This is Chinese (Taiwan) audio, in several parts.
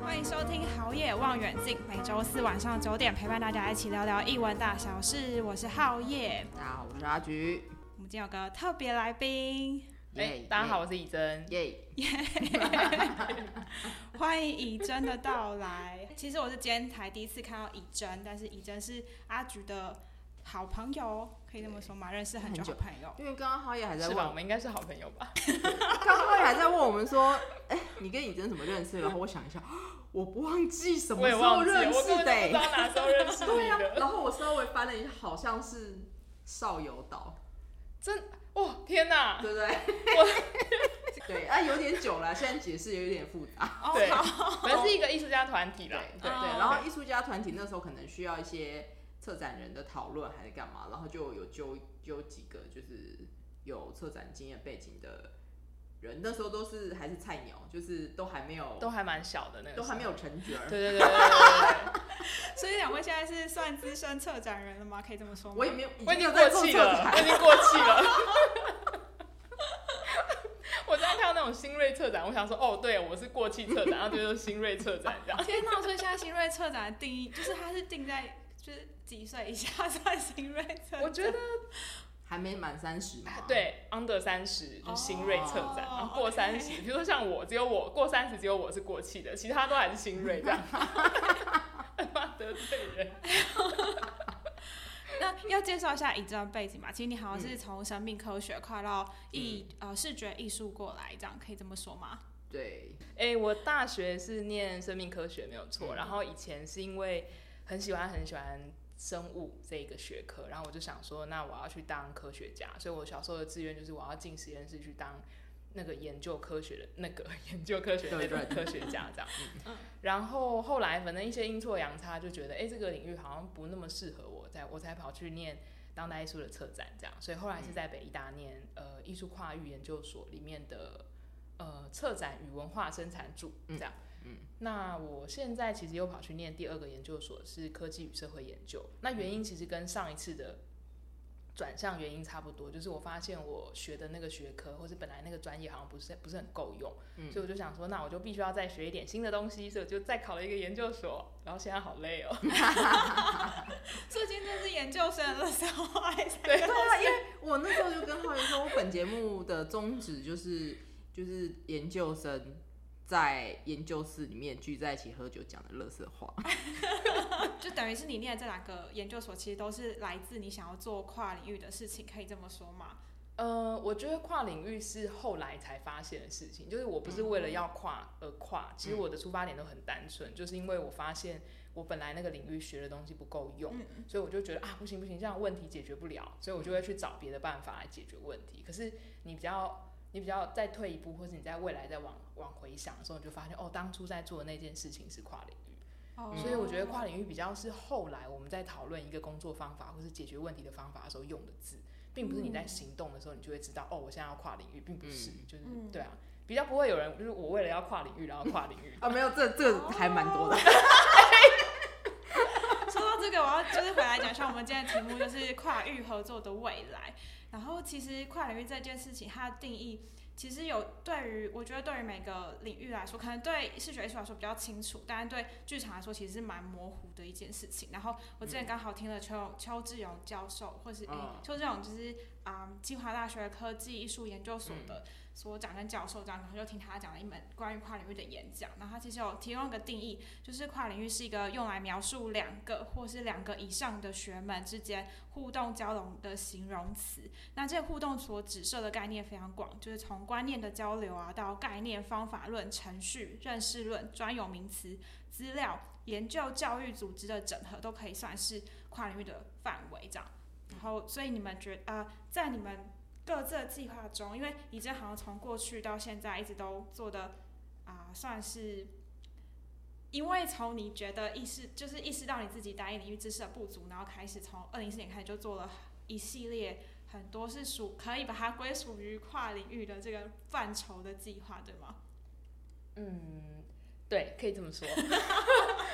歡迎收聽《好野望遠鏡》，每周四晚上九點陪伴大家一起聊聊藝文大小事。我是好野，大家好，我是阿菊。我們今天有個特別來賓，耶 Yeah,！大家好，yeah, 我是以臻，耶！yeah. Yeah. 歡迎以臻的到來。 其實我是今天才第一次看到以臻，但是以臻是阿菊的。好朋友，可以這麼說嗎？認識很久朋友，因為剛剛好野還在問，是吧？我們應該是好朋友吧？剛剛好野還在問我們說：“哎，你跟以臻怎麼認識？”然後我想一下，我不忘記什麼時候認識的，我哪時候認識，對呀。然後我稍微翻了一下，好像是少游島，真哦天哪，對不對？對啊，有點久了，現在解釋有點複雜。對，可能是一個藝術家團體吧。對對，然後藝術家團體那時候可能需要一些。策展人的討論還是幹嘛，然後就有揪揪幾個，就是有策展經驗背景的人，那時候都是還是菜鳥，就是都還沒有，都還蠻小的那個，都還沒有成角。 對對對對。 所以兩位現在是算資深策展人了嗎？可以這麼說嗎？我也沒有，我已經過氣了，我已經過氣了。 我在看到那種新銳策展，我想說，哦，對，我是過氣策展，然後就是新銳策展這樣。 天哪！所以現在新銳策展的定義，就是它是定在就是。幾歲以下算新銳？我覺得還沒滿三十嘛？對，under 三十就新銳策展，然後過三十，比如說像我，只有我過三十，只有我是過氣的，其他都還是新銳這樣。哈哈，得罪人。那要介紹一下你這段背景嘛？其實你好像是從生命科學跨到藝呃視覺藝術過來，這樣可以這麼說嗎？對，哎，我大學是念生命科學沒有錯，然後以前是因為很喜歡很喜歡。生物這一個學科，然後我就想說，那我要去當科學家，所以我小時候的志願就是我要進實驗室去當那個研究科學的，那個 研究科學的對對，科學家這樣。然後後來反正一些陰錯陽差，就覺得誒、欸，這個領域好像不那麼適合我在，在我才跑去念當代藝術的策展這樣。所以後來是在北藝大念、嗯、呃藝術跨域研究所裡面的呃策展與文化生產組這樣。嗯嗯，那我現在其實又跑去念第二個研究所，是科技與社會研究。那原因其實跟上一次的轉向原因差不多，就是我發現我學的那個學科或者本來那個專業好像不是不是很夠用，嗯、所以我就想說，那我就必須要再學一點新的東西，所以我就再考了一個研究所。然後現在好累哦、喔，所以今天是研究生的時候。對，因為我那時候就跟好野說，我本節目的宗旨就是就是研究生。在研究室裡面聚在一起喝酒講的垃圾話。 就等於是你念的這兩個研究所，其實都是來自你想要做跨領域的事情，可以這麼說嗎？呃，我覺得跨領域是後來才發現的事情，就是我不是為了要跨而跨，其實我的出發點都很單純，就是因為我發現我本來那個領域學的東西不夠用，所以我就覺得啊，不行不行，這樣問題解決不了，所以我就會去找別的辦法來解決問題。可是你比較。你比較再退一步，或是你在未來再往往回想的時候，你就發現哦，當初在做的那件事情是跨領域，嗯、所以我覺得跨領域比較是後來我們在討論一個工作方法或是解決問題的方法的時候用的字，並不是你在行動的時候你就會知道、嗯、哦，我現在要跨領域，並不是，嗯、就是對啊，比較不會有人就是我為了要跨領域然後跨領域、嗯、啊，沒有，這這還蠻多的。說到這個，我要就是回來講，像我們今天的題目就是跨域合作的未來。然後其實跨領域這件事情，它的定義其實有對於我覺得對於每個領域來說，可能對視覺藝術來說比較清楚，但是對劇場來說其實是蠻模糊的一件事情。然後我之前剛好聽了邱、嗯、邱志勇教授，或是、啊、邱志勇就是啊、嗯，清華大學科技藝術研究所的。嗯所長跟教授這樣，然後就聽他講了一門關於跨領域的演講。然後他其實有提供一個定義，就是跨領域是一個用來描述兩個或是兩個以上的學門之間互動交融的形容詞。那這個互動所指涉的概念非常廣，就是從觀念的交流啊，到概念、方法論、程序、認識論、專有名詞、資料、研究、教育、組織的整合，都可以算是跨領域的範圍這樣。然後，所以你們覺得，呃，在你們。各自計劃中，因為你這好像從過去到現在一直都做的啊、呃，算是因為從你覺得意識就是意識到你自己單一領域知識的不足，然後開始從二零一四年開始就做了一系列很多是屬可以把它歸屬於跨領域的這個範疇的計劃，對嗎？嗯。對，可以， 可以這麼說，可以這麼說，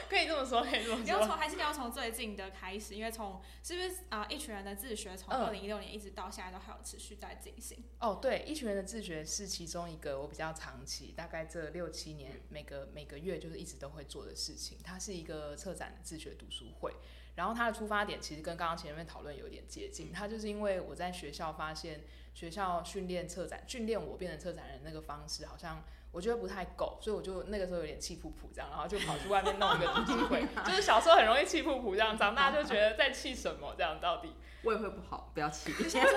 可以這麼說。你要從還是要從最近的開始，因為從是不是啊、呃？一群人的自學從二零一六年一直到現在都還有持續在進行、嗯。哦，對，一群人的自學是其中一個我比較長期，大概這六七年，嗯、每個每個月就是一直都會做的事情。它是一個策展的自學讀書會，然後它的出發點其實跟剛剛前面討論有點接近。它就是因為我在學校發現，學校訓練策展，訓練我變成策展人那個方式好像。我覺得不太夠，所以我就那個時候有點氣噗噗這樣，然後就跑去外面弄一個讀書會。 就是小時候很容易氣噗噗這樣，長大就覺得在氣什麼這樣到底。胃會不好，不要氣。 就是因為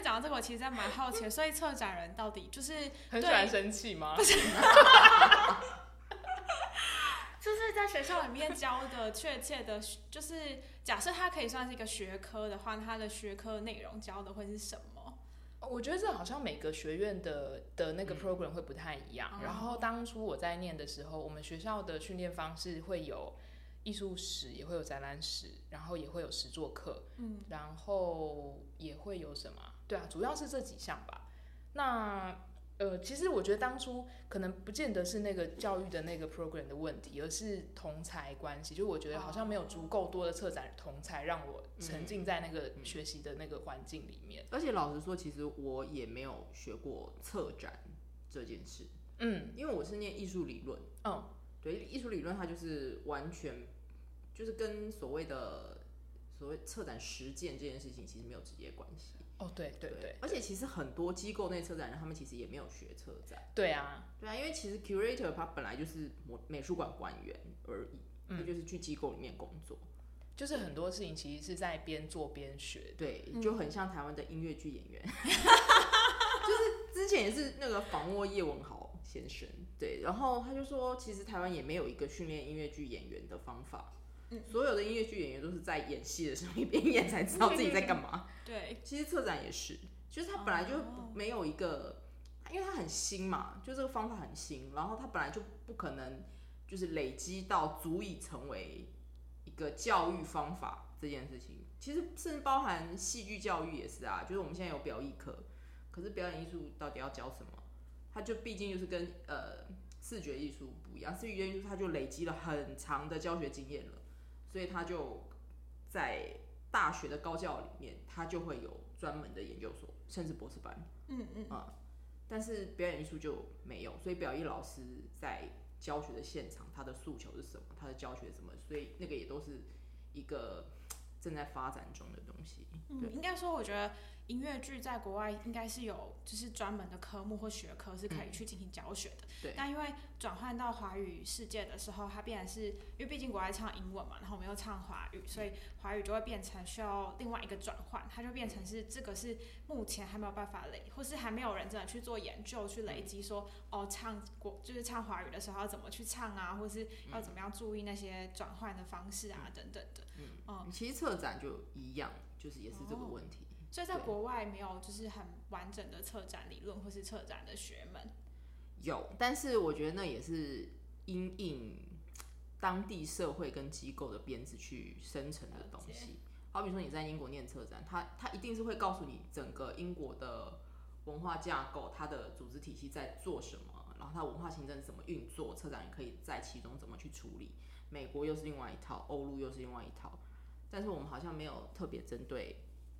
講到這個，我其實還蠻好奇的，所以策展人到底就是很喜歡生氣嗎？就是在學校裡面教的確切的，就是假設他可以算是一個學科的話，他的學科內容教的會是什麼？我覺得這好像每個學院的的那個 program 會不太一樣。嗯嗯、然後當初我在念的時候，我們學校的訓練方式會有藝術史，也會有展覽史，然後也會有實作課，嗯，然後也會有什麼？對啊，主要是這幾項吧。嗯、那呃，其實我覺得當初可能不見得是那個教育的那個 program 的問題，而是同儕關係。就我覺得好像沒有足夠多的策展的同儕讓我沉浸在那個學習的那個環境裡面。而且老實說，其實我也沒有學過策展這件事。嗯，因為我是念藝術理論。嗯，對，藝術理論它就是完全就是跟所謂的所謂策展實踐這件事情其實沒有直接關係。哦，對對對，而且其實很多機構那策展人，他們其實也沒有學策展。對啊，對啊，因為其實 curator 他本來就是我美術館館員而已，他就是去機構裡面工作，就是很多事情其實是在邊做邊學，對，就很像台灣的音樂劇演員，就是之前也是那個訪問葉文豪先生，對，然後他就說，其實台灣也沒有一個訓練音樂劇演員的方法，所有的音樂劇演員都是在演戲的時候一邊演才知道自己在幹嘛，對。其實策展也是，就是他本來就沒有一個，oh. 因為他很新嘛，就這個方法很新，然後他本來就不可能就是累積到足以成為一個教育方法這件事情。其實甚至包含戲劇教育也是啊，就是我們現在有表演課，可是表演藝術到底要教什麼？它就畢竟就是跟呃視覺藝術不一樣，視覺藝術它就累積了很長的教學經驗了，所以它就在。大學的高教裡面，它就會有專門的研究所，甚至博士班。嗯嗯啊、嗯，但是表演藝術就沒有，所以表藝老師在教學的現場，他的訴求是什麼？他的教學是什麼？所以那個也都是一個正在發展中的東西。嗯，對應該說，我覺得。音樂劇在國外應該是有，就是專門的科目或學科是可以去進行教學的。嗯、對。但因為轉換到華語世界的時候，它變成是，因為畢竟國外唱英文嘛，嗯、然後我們又唱華語，所以華語就會變成需要另外一個轉換，它就變成是、嗯、這個是目前還沒有辦法累，或是還沒有人真的去做研究去累積說，對哦，唱國就是唱華語的時候要怎麼去唱啊，或是要怎麼樣注意那些轉換的方式啊、嗯、等等的。嗯，嗯其實策展就一樣，就是也是這個問題。哦所以在國外沒有就是很完整的策展理論或是策展的學門。有，但是我覺得那也是因應當地社會跟機構的編制去生成的東西。好比說你在英國念策展，它它一定是會告訴你整個英國的文化架構、它的組織體系在做什麼，然後它文化行政怎麼運作，策展也可以在其中怎麼去處理。美國又是另外一套，歐陸又是另外一套，但是我們好像沒有特別針對。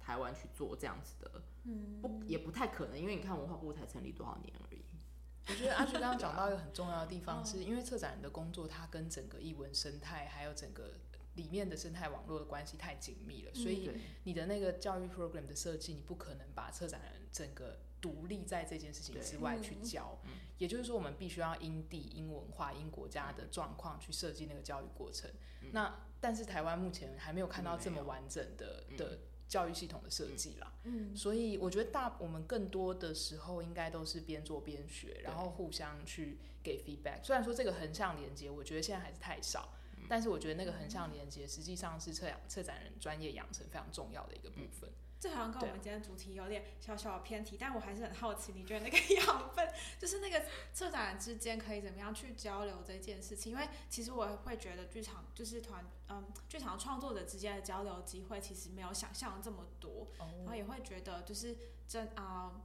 台灣去做這樣子的，嗯、不也不太可能，因為你看文化部才成立多少年而已。我覺得阿橘剛剛講到一個很重要的地方，是因為策展人的工作，它跟整個藝文生態還有整個裡面的生態網絡的關係太緊密了，所以你的那個教育 program 的設計，你不可能把策展人整個獨立在這件事情之外去教。嗯、也就是說，我們必須要因地、因文化、因國家的狀況去設計那個教育過程。嗯、那但是台灣目前還沒有看到這麼完整的的。教育系統的設計啦，嗯，所以我覺得大，我們更多的時候應該都是邊做邊學，然後互相去給 feedback。對雖然說這個橫向連接，我覺得現在還是太少，嗯，但是我覺得那個橫向連接實際上是策養、策展人專業養成非常重要的一個部分。嗯這好像跟我們今天主題有點小小的偏題，對但我還是很好奇，你覺得那個養分，就是那個策展人之間可以怎麼樣去交流這件事情？因為其實我會覺得劇場就是團，嗯，劇場創作者之間的交流機會其實沒有想象這麼多，oh. 然後也會覺得就是這啊、嗯，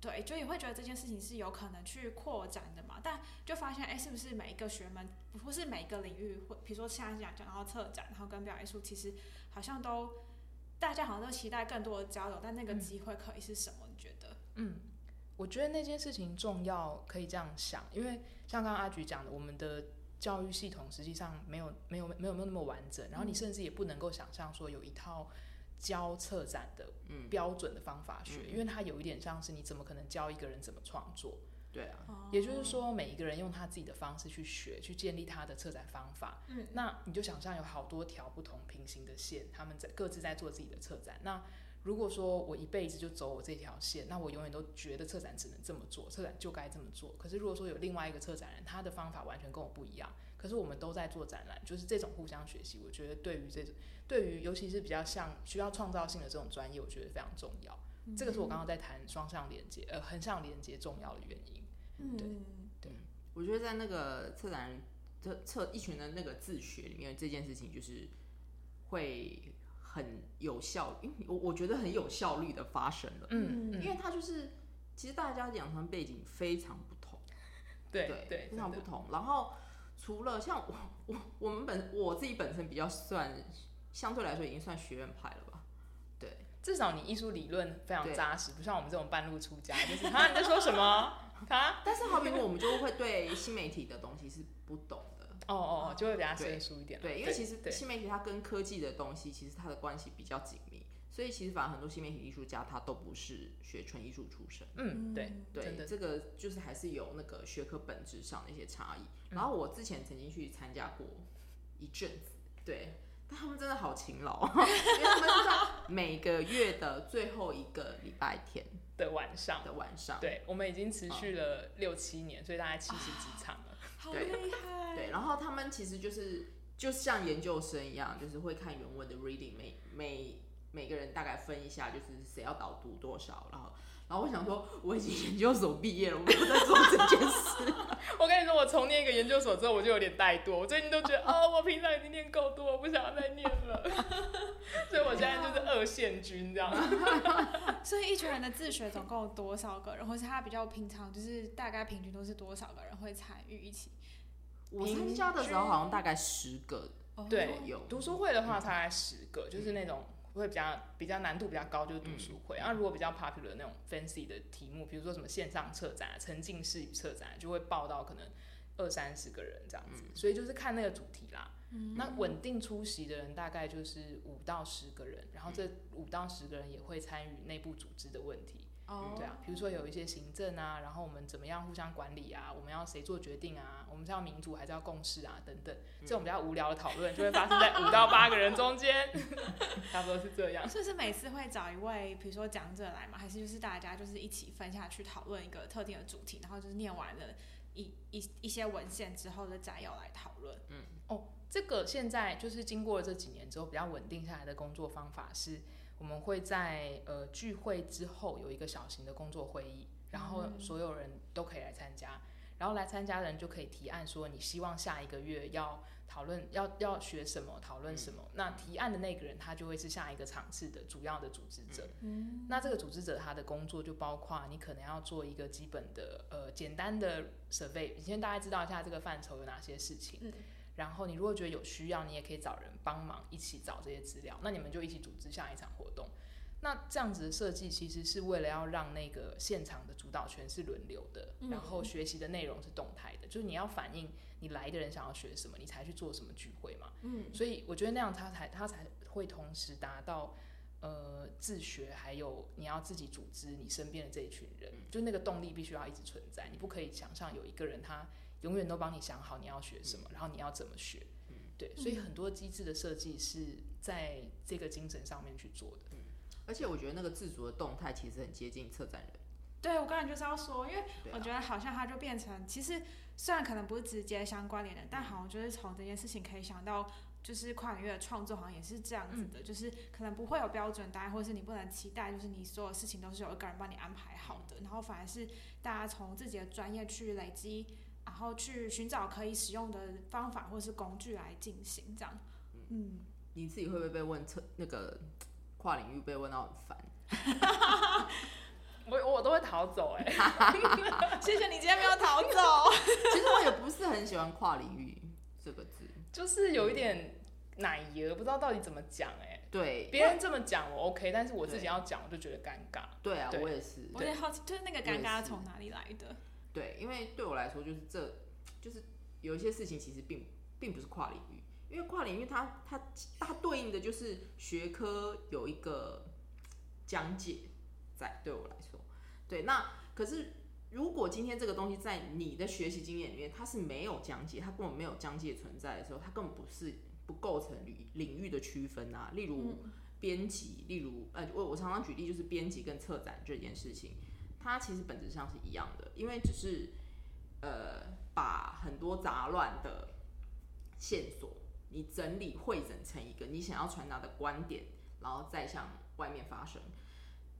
對，就也會覺得這件事情是有可能去擴展的嘛。但就發現，哎，是不是每一個學門不是每一個領域，或比如說像講講到策展，然後跟表演藝術其實好像都。大家好像都期待更多的交流，但那個機會可以是什麼？嗯、你覺得？嗯，我覺得那件事情重要，可以這樣想，因為像剛剛阿橘講的，我們的教育系統實際上沒有、沒有、沒有、沒有那麼完整，然後你甚至也不能夠想象說有一套教策展的標準的方法學，嗯、因為它有一點像是你怎麼可能教一個人怎麼創作？對啊，oh. 也就是說，每一個人用他自己的方式去學，去建立他的策展方法。嗯、mm，hmm. 那你就想象有好多條不同平行的線，他們在各自在做自己的策展。那如果說我一輩子就走我這條線，那我永遠都覺得策展只能這麼做，策展就該這麼做。可是如果說有另外一個策展人，他的方法完全跟我不一樣，可是我們都在做展覽，就是這種互相學習，我覺得對於這種，對於尤其是比較像需要創造性的這種專業，我覺得非常重要。Mm hmm. 這個是我剛剛在談雙向連接，呃，橫向連接重要的原因。對、嗯、對，我覺得在那個策展人、策策一群的那個自學裡面，這件事情就是會很有效，因為我我覺得很有效率的發生了。嗯，嗯，因為他就是其實大家的養成背景非常不同，對對，對對非常不同。然後除了像我我我們本我自己本身比較算相對來說已經算學院派了吧，對，至少你藝術理論非常紮實，對不像我們這種半路出家，就是啊你在說什麼？ 啊！ 但是，好比我們就會對新媒體的東西是不懂的哦哦，就會比較生疏一點對。對，因為其實新媒體它跟科技的東西其實它的關係比較緊密，所以其實反而很多新媒體藝術家他都不是學純藝術出身。嗯，對對，的這個就是還是有那個學科本質上的一些差異。然後我之前曾經去參加過一陣子，對，但他們真的好勤勞， 因為他們知道每個月的最後一個禮拜天。的晚上，的晚上，對，我們已經持續了六七年，哦、所以大概七十幾場了。啊、好厲害！ 對對，然後他們其實就是就像研究生一樣，就是會看原文的 reading，每每每個人大概分一下，就是誰要導讀多少，然後。然後我想說，我已經研究所畢業了，我沒有在做這件事。 我跟你說，我從念一個研究所之後，我就有點怠惰。我最近都覺得， 哦，我平常已經念夠多，我不想要再念了。 所以我現在就是二線軍這樣。 所以一群人的自學總共有多少個人？或是他比較平常就是大概平均都是多少個人會參與一起？我參加的時候好像大概十個，對有、哦、讀書會的話，大概十個，嗯、就是那種。會比較比較難度比較高，就是讀書會。然、嗯啊、如果比較 popular 那種 fancy 的題目，比如說什麼線上策展、沉浸式策展，就會爆到可能二三十個人這樣子。嗯、所以就是看那個主題啦。嗯、那穩定出席的人大概就是五到十個人，然後這五到十個人也會參與內部組織的問題。Oh. 嗯、對啊，比如說有一些行政啊，然後我們怎麼樣互相管理啊，我們要誰做決定啊，我們是要民主還是要共識啊，等等，這種比較無聊的討論就會發生在五到八個人中間， 差不多是這樣。是不是每次會找一位，比如說講者來嘛，還是就是大家就是一起分下去討論一個特定的主題，然後就是念完了一一一些文獻之後的摘要來討論？嗯，哦，這個現在就是經過了這幾年之後比較穩定下來的工作方法是。我們會在呃聚會之後有一個小型的工作會議，然後所有人都可以來參加。嗯、然後來參加的人就可以提案說，你希望下一個月要討論要要學什麼，討論什麼。嗯、那提案的那個人他就會是下一個場次的主要的組織者。嗯、那這個組織者他的工作就包括，你可能要做一個基本的呃簡單的 survey，你先大概知道一下這個範疇有哪些事情。嗯然後你如果覺得有需要，你也可以找人幫忙一起找這些資料。那你們就一起組織下一場活動。那這樣子的設計其實是為了要讓那個現場的主導權是輪流的，嗯，然後學習的內容是動態的，就是你要反映你來的人想要學什麼，你才去做什麼聚會嘛。嗯，所以我覺得那樣他才他才會同時達到呃自學，還有你要自己組織你身邊的這一群人，就那個動力必須要一直存在。你不可以想象有一個人他。永遠都幫你想好你要學什麼，嗯、然後你要怎麼學，嗯、對，所以很多機制的設計是在這個精神上面去做的。嗯、而且我覺得那個自主的動態其實很接近策展人。對，我剛才就是要說，因為我覺得好像它就變成，啊、其實雖然可能不是直接相關聯的，嗯、但好像就是從這件事情可以想到，就是跨領域的創作好像也是這樣子的，嗯、就是可能不會有標準答案，或者是你不能期待，就是你所有事情都是有一個人幫你安排好的，然後反而是大家從自己的專業去累積。然後去尋找可以使用的方法或是工具來進行這樣。嗯，你自己會不會被問測那個跨領域被問到很煩？我我都會逃走哎。謝謝你今天沒有逃走。其實我也不是很喜歡“跨領域”這個字，就是有一點奶油，不知道到底怎麼講哎。對，別人這麼講我 OK，但是我自己要講我就覺得尷尬。對啊，我也是。我也好奇，就是那個尷尬從哪裡來的？對，因為對我來說，就是這，就是有一些事情其實並並不是跨領域，因為跨領域它它它對應的就是學科有一個講解在。對我來說，對，那可是如果今天這個東西在你的學習經驗裡面它是沒有講解，它根本沒有講解存在的時候，它根本不是不構成領領域的區分啊。例如編輯，例如呃，我我常常舉例就是編輯跟策展這件事情。它其實本質上是一樣的，因為只是，呃，把很多雜亂的線索你整理匯整成一個你想要傳達的觀點，然後再向外面發聲。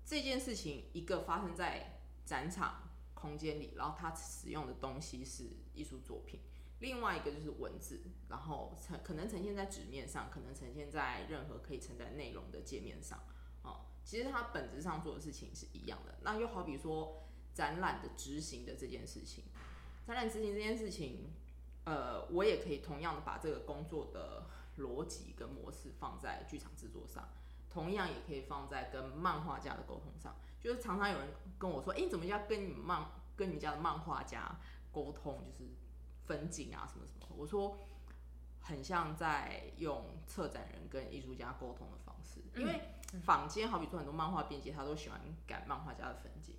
這件事情一個發生在展場空間裡，然後它使用的東西是藝術作品；另外一個就是文字，然後呈可能呈現在紙面上，可能呈現在任何可以承載內容的界面上。其實它本質上做的事情是一樣的。那又好比說展覽的執行的這件事情，展覽執行這件事情，呃，我也可以同樣的把這個工作的邏輯跟模式放在劇場制作上，同樣也可以放在跟漫畫家的溝通上。就是常常有人跟我說：“誒、欸，怎麼要跟你們漫跟你們家的漫畫家溝通？就是分鏡啊，什麼什麼。”我說，很像在用策展人跟藝術家溝通的方式，因為。坊間好比說很多漫畫編輯，他都喜歡改漫畫家的分鏡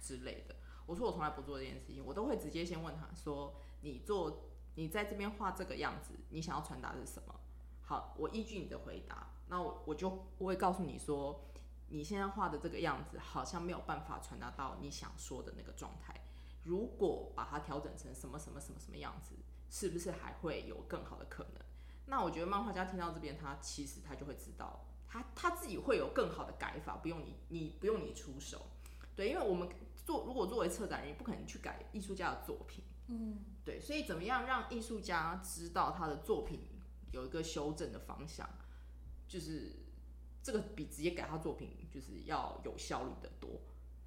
之類的。我說我從來不做這件事情，我都會直接先問他說：“你做你在這邊畫這個樣子，你想要傳達的是什麼？”好，我依據你的回答，那我我就會告訴你說，你現在畫的這個樣子好像沒有辦法傳達到你想說的那個狀態。如果把它調整成什麼什麼什麼什麼樣子，是不是還會有更好的可能？那我覺得漫畫家聽到這邊，他其實他就會知道。他他自己會有更好的改法，不用你，你不用你出手，對，因為我們做如果作為策展人，也不可能去改藝術家的作品，嗯，對，所以怎麼樣讓藝術家知道他的作品有一個修正的方向，就是這個比直接改他作品就是要有效率的多，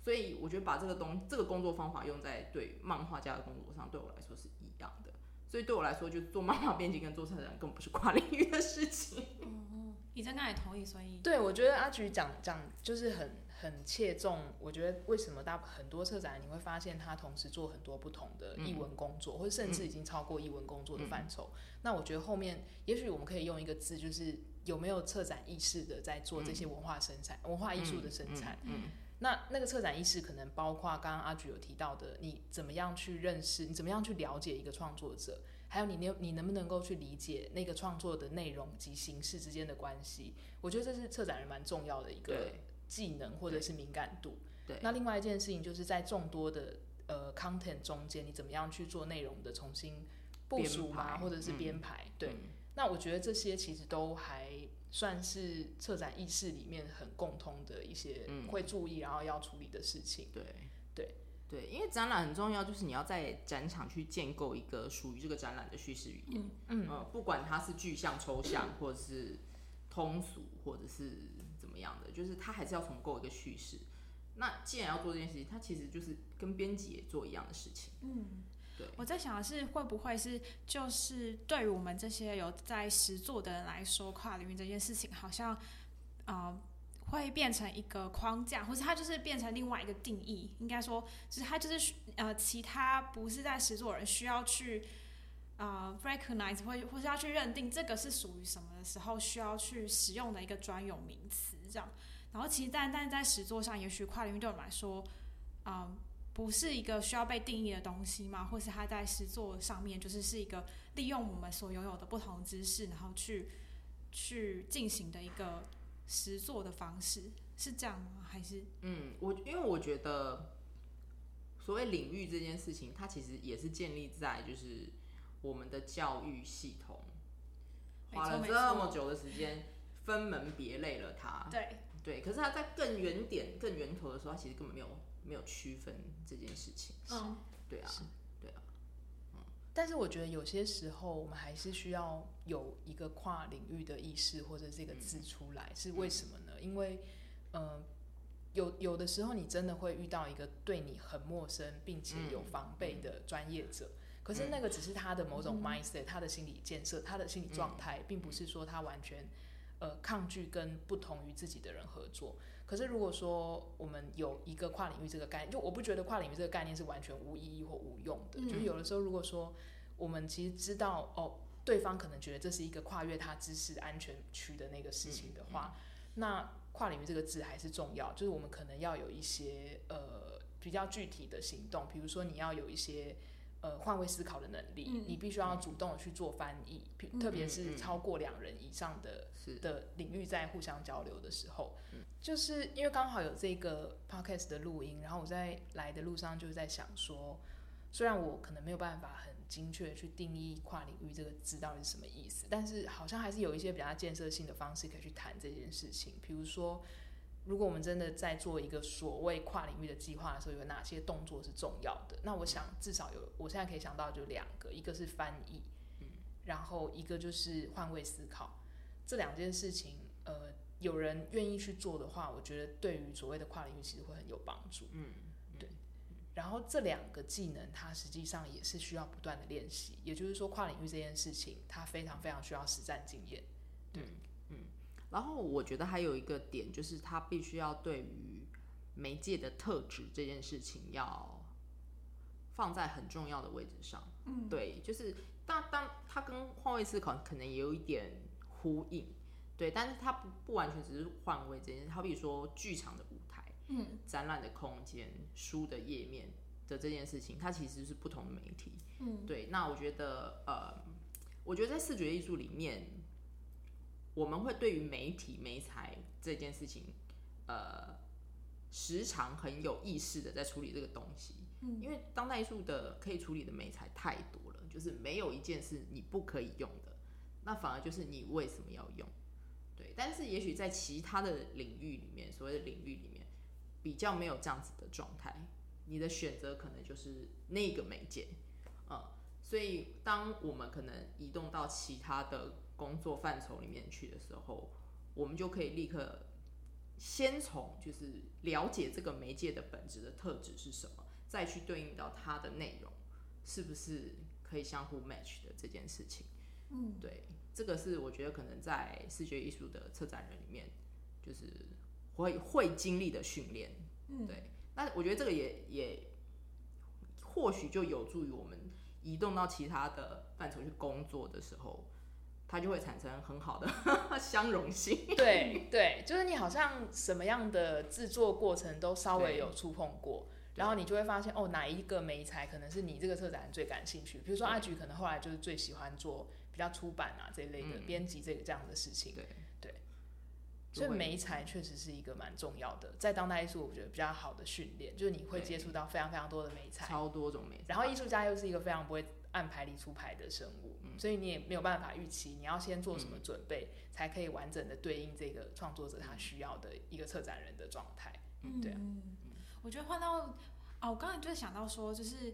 所以我覺得把這個東這個工作方法用在對漫畫家的工作上，對我來說是一樣的，所以對我來說，就做漫畫編輯跟做策展更不是跨領域的事情。嗯你在那裡同意，所以對，我覺得阿橘講講就是很很切中。我覺得為什麼大很多策展，你會發現他同時做很多不同的藝文工作，嗯、或者甚至已經超過藝文工作的範疇。嗯、那我覺得後面，也許我們可以用一個字，就是有沒有策展意識的在做這些文化生產、嗯、文化藝術的生產。嗯，嗯嗯那那個策展意識可能包括剛剛阿橘有提到的，你怎麼樣去認識，你怎麼樣去了解一個創作者。還有你能你能不能夠去理解那個創作的內容及形式之間的關係？我覺得這是策展人蠻重要的一個技能或者是敏感度。那另外一件事情就是在眾多的呃 content 中間，你怎麼樣去做內容的重新部署嘛、編排，或者是編排？嗯、對。嗯、那我覺得這些其實都還算是策展意識裡面很共通的一些會注意然後要處理的事情。對、嗯。對。對對，因為展覽很重要，就是你要在展場去建構一個屬於這個展覽的敘事語言。嗯，嗯。呃，不管它是具象、抽象，或者是通俗，嗯。或者是怎麼樣的，就是它還是要重構一個敘事。那既然要做這件事情，它其實就是跟編輯也做一樣的事情。嗯，對。我在想的是，會不會是就是對於我們這些有在實作的人來說，跨領域這件事情好像啊。呃會變成一個框架，或是它就是變成另外一個定義。應該說，就是它就是呃，其他不是在實作人需要去啊、呃、recognize，或或是要去認定這個是屬於什麼的時候需要去使用的一個專有名詞這樣。然後其實但但在實作上，也許跨領域對我們來說啊、呃，不是一個需要被定義的東西嘛，或是它在實作上面就是是一個利用我們所擁有的不同知識，然後去去進行的一個。實做的方式是這樣嗎？還是嗯，我因為我覺得所謂領域這件事情，它其實也是建立在就是我們的教育系統花了這麼久的時間分門別類了它，它對對，可是它在更遠點、更源頭的時候，它其實根本沒有沒有區分這件事情，嗯，對啊。但是我覺得有些時候，我們還是需要有一個跨領域的意識或者這個字出來，嗯、是為什麼呢？嗯、因為，呃，有有的時候你真的會遇到一個對你很陌生並且有防備的專業者，嗯、可是那個只是他的某種 mindset，嗯、他的心理建設，他的心理狀態，嗯、並不是說他完全呃抗拒跟不同於自己的人合作。可是如果說我們有一個跨領域這個概念，就我不覺得跨領域這個概念是完全無意義或無用的。嗯、就是有的時候，如果說我們其實知道哦，對方可能覺得這是一個跨越他知識安全區的那個事情的話，嗯嗯、那跨領域這個字還是重要。就是我們可能要有一些呃比較具體的行動，比如說你要有一些。呃，換位思考的能力，嗯、你必須要主動去做翻譯，嗯、特別是超過兩人以上的、嗯、的領域在互相交流的時候，是就是因為剛好有這個 podcast 的錄音，然後我在來的路上就在想說，雖然我可能沒有辦法很精確地去定義跨領域這個字到底是什麼意思，但是好像還是有一些比較建設性的方式可以去談這件事情，比如說。如果我們真的在做一個所謂跨領域的計劃的時候，有哪些動作是重要的？那我想至少有，我現在可以想到就兩個，一個是翻譯，嗯，然後一個就是換位思考，這兩件事情，呃，有人願意去做的話，我覺得對於所謂的跨領域其實會很有幫助，嗯，嗯，對。然後這兩個技能，它實際上也是需要不斷的練習，也就是說，跨領域這件事情，它非常非常需要實戰經驗，對。嗯然後我覺得還有一個點，就是他必須要對於媒介的特質這件事情，要放在很重要的位置上。嗯，對，就是當當他跟換位思考可能也有一點呼應，對，但是他不不完全只是換位這件事。好比如說劇場的舞台，嗯，展覽的空間，書的頁面的這件事情，它其實是不同的媒體。嗯，對。那我覺得呃，我覺得在視覺藝術裡面。我們會對於媒體媒材這件事情，呃，時常很有意識的在處理這個東西，因為當代藝術的可以處理的媒材太多了，就是沒有一件事你不可以用的，那反而就是你為什麼要用？對，但是也許在其他的領域裡面，所謂的領域裡面比較沒有這樣子的狀態，你的選擇可能就是那個媒介啊，呃，所以當我們可能移動到其他的。工作範疇裡面去的時候，我們就可以立刻先從就是了解這個媒介的本質的特質是什麼，再去對應到它的內容，是不是可以相互 match 的這件事情。嗯，對，這個是我覺得可能在視覺藝術的策展人裡面就是會會經歷的訓練。嗯，對，那我覺得這個也也或許就有助於我們移動到其他的範疇去工作的時候。它就會產生很好的 相容性，對。對對，就是你好像什麼樣的制作過程都稍微有觸碰過，然後你就會發現哦，哪一個媒材可能是你這個策展人最感興趣。比如說阿橘，可能後來就是最喜歡做比較出版啊這一類的、嗯、編輯這個這樣的事情。對對，對，所以媒材確實是一個蠻重要的，在當代藝術我覺得比較好的訓練，就是你會接觸到非常非常多的媒材，超多種媒材然後藝術家又是一個非常不會。按牌理出牌的生物，所以你也沒有辦法預期，你要先做什麼準備，嗯、才可以完整的對應這個創作者他需要的一個策展人的狀態，嗯，嗯，對啊。我覺得換到哦，我剛才就是想到說，就是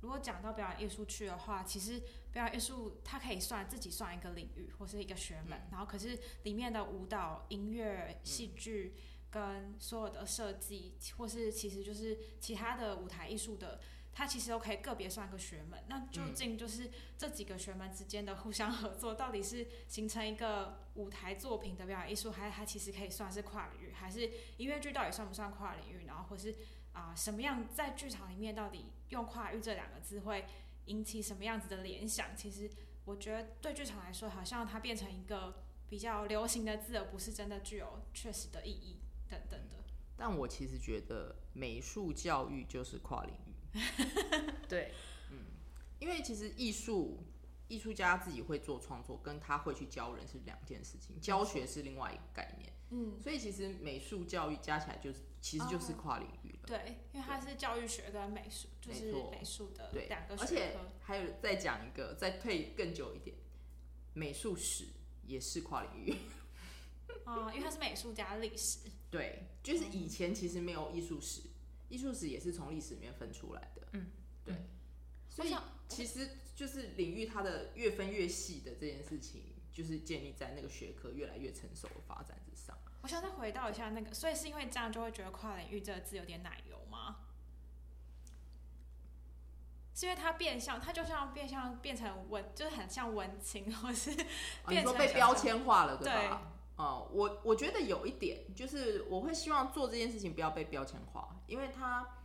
如果講到表演藝術去的話，其實表演藝術它可以算自己算一個領域或是一個學門，嗯、然後可是裡面的舞蹈、音樂、戲劇跟所有的設計，嗯、或是其實就是其他的舞台藝術的。它其實都可以個別算個學門，那究竟就是這幾個學門之間的互相合作，到底是形成一個舞台作品的表演藝術，還是它其實可以算是跨領域，還是音樂劇到底算不算跨領域？然後或是啊、呃，什麼樣在劇場裡面到底用“跨域”這兩個字會引起什麼樣子的聯想？其實我覺得對劇場來說，好像它變成一個比較流行的字，而不是真的具有確實的意義等等的。但我其實覺得美術教育就是跨領域。 對，嗯，因為其實藝術藝術家自己會做創作，跟他會去教人是兩件事情，教學是另外一個概念，嗯，所以其實美術教育加起來就是其實就是跨領域了，哦、對，因為它是教育學跟美術，就是美術的兩個學科，而且還有再講一個，再退更久一點，美術史也是跨領域， 哦、因為它是美術加歷史，對，就是以前其實沒有藝術史。藝術史也是從歷史裡面分出來的，嗯，對，想所以其實就是領域它的越分越細的這件事情，就是建立在那個學科越來越成熟的發展之上。我想再回到一下那個，對所以是因為這樣就會覺得跨領域這個字有點奶油嗎？是因為它變相，它就像變相變成文，就是很像文青，或 是、啊、你說被標籤化了，對吧？對哦、嗯，我我覺得有一點就是，我會希望做這件事情不要被標籤化，因為它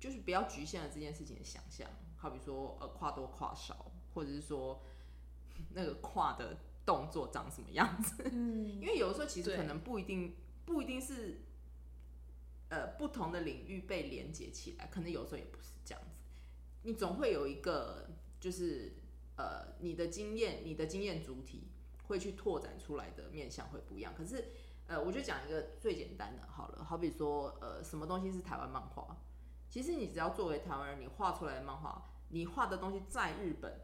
就是不要局限了這件事情的想象。好比說，呃，跨多跨少，或者是說那個跨的動作長什麼樣子？嗯、因為有的時候其實可能不一定，對不一定是呃不同的領域被連接起來，可能有時候也不是這樣子。你總會有一個，就是呃你的經驗，你的經驗主體。會去拓展出來的面向會不一樣，可是，呃，我就講一個最簡單的好了，好比說，呃，什麼東西是台灣漫畫？其實你只要作為台灣人，你畫出來的漫畫，你畫的東西在日本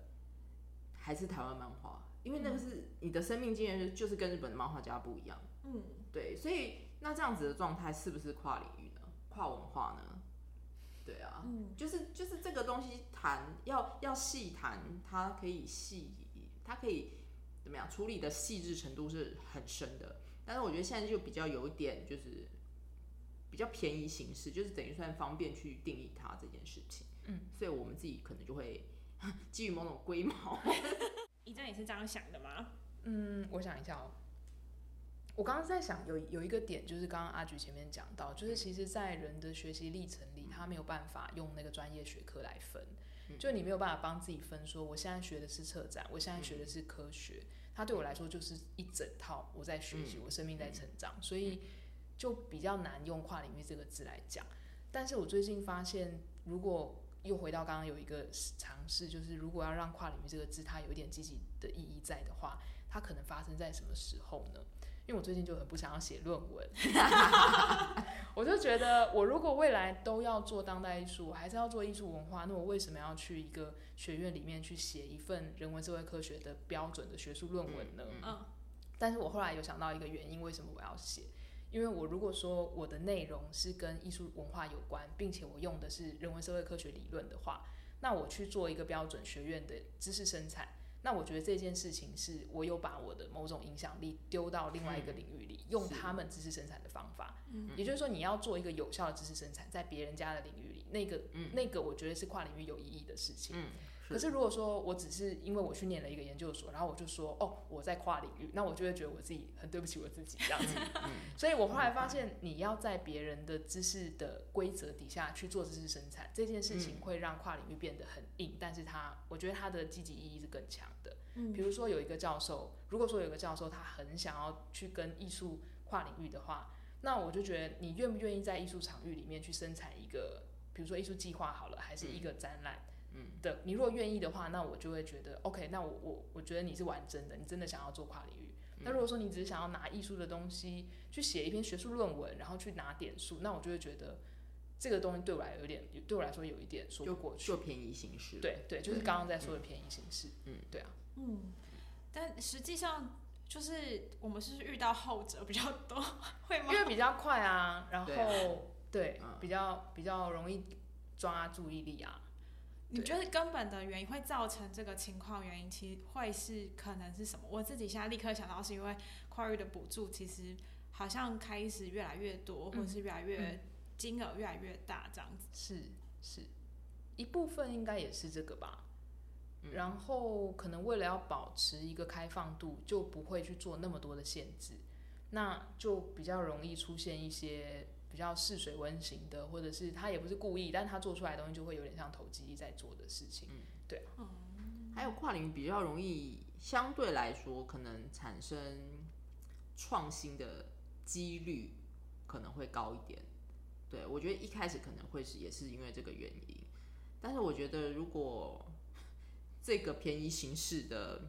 還是台灣漫畫，因為那個是你的生命經驗，就是跟日本的漫畫家不一樣。嗯，對，所以那這樣子的狀態是不是跨領域呢？跨文化呢？對啊，就是就是這個東西談要要細談，它可以細，它可以。怎麼樣處理的細緻程度是很深的，但是我覺得現在就比較有一點就是比較便宜形式，就是等於算方便去定義它這件事情。嗯，所以我們自己可能就會基於某種規模。以臻也是這樣想的嗎？嗯，我想一下哦。我剛剛在想，有有一個點，就是剛剛阿橘前面講到，就是其實在人的學習歷程裡，他沒有辦法用那個專業學科來分。就你沒有辦法幫自己分，說我現在學的是策展，我現在學的是科學，嗯、它對我來說就是一整套我在學習，嗯、我生命在成長，嗯、所以就比較難用跨領域這個字來講。但是我最近發現，如果又回到剛剛有一個嘗試，就是如果要讓跨領域這個字它有一點積極的意義在的話，它可能發生在什麼時候呢？因為我最近就很不想要寫論文， 我就覺得我如果未來都要做當代藝術，還是要做藝術文化，那我為什麼要去一個學院裡面去寫一份人文社會科學的標準的學術論文呢？嗯，嗯。但是我後來有想到一個原因，為什麼我要寫？因為我如果說我的內容是跟藝術文化有關，並且我用的是人文社會科學理論的話，那我去做一個標準學院的知識生產。那我覺得這件事情是我有把我的某種影響力丟到另外一個領域裡，嗯、用他們知識生產的方法，嗯、也就是說你要做一個有效的知識生產，在別人家的領域裡，那個、嗯、那個我覺得是跨領域有意義的事情。嗯可是如果說我只是因為我去念了一個研究所，然後我就說，哦我在跨領域，那我就會覺得我自己很對不起我自己這樣子。 所以我後來發現，你要在別人的知識的規則底下去做知識生產這件事情，會讓跨領域變得很硬，嗯、但是它我覺得它的積極意義是更強的。比如說有一個教授，如果說有一個教授他很想要去跟藝術跨領域的話，那我就覺得你願不願意在藝術場域裡面去生產一個，比如說藝術計劃好了，還是一個展覽。嗯嗯、的，你如果願意的話，那我就會覺得 OK，那我我我覺得你是玩真的，你真的想要做跨領域。那、嗯、如果說你只是想要拿藝術的東西去寫一篇學術論文，然後去拿點數，那我就會覺得這個東西對我來有點，對我來說有一點說不過去，就便宜行事。對對，就是剛剛在說的便宜行事。嗯，對啊。嗯，但實際上就是我們是不是遇到後者比較多，會嗎？因為比較快啊，然後對、啊、對，嗯、比較比較容易抓注意力啊。你覺得根本的原因會造成這個情況原因，其實會是可能是什麼？我自己現在立刻想到是因為跨域的補助其實好像開始越來越多，或者是越來越金額越來越大這樣子。是、嗯嗯、是，是一部分應該也是這個吧。然後可能為了要保持一個開放度，就不會去做那麼多的限制，那就比較容易出現一些。比較試水溫型的，或者是他也不是故意，但他做出來的東西就會有點像投機在做的事情，嗯、對。還有跨領域比較容易，相對來說可能產生創新的幾率可能會高一點。對，我覺得一開始可能會是也是因為這個原因，但是我覺得如果這個便宜行事的。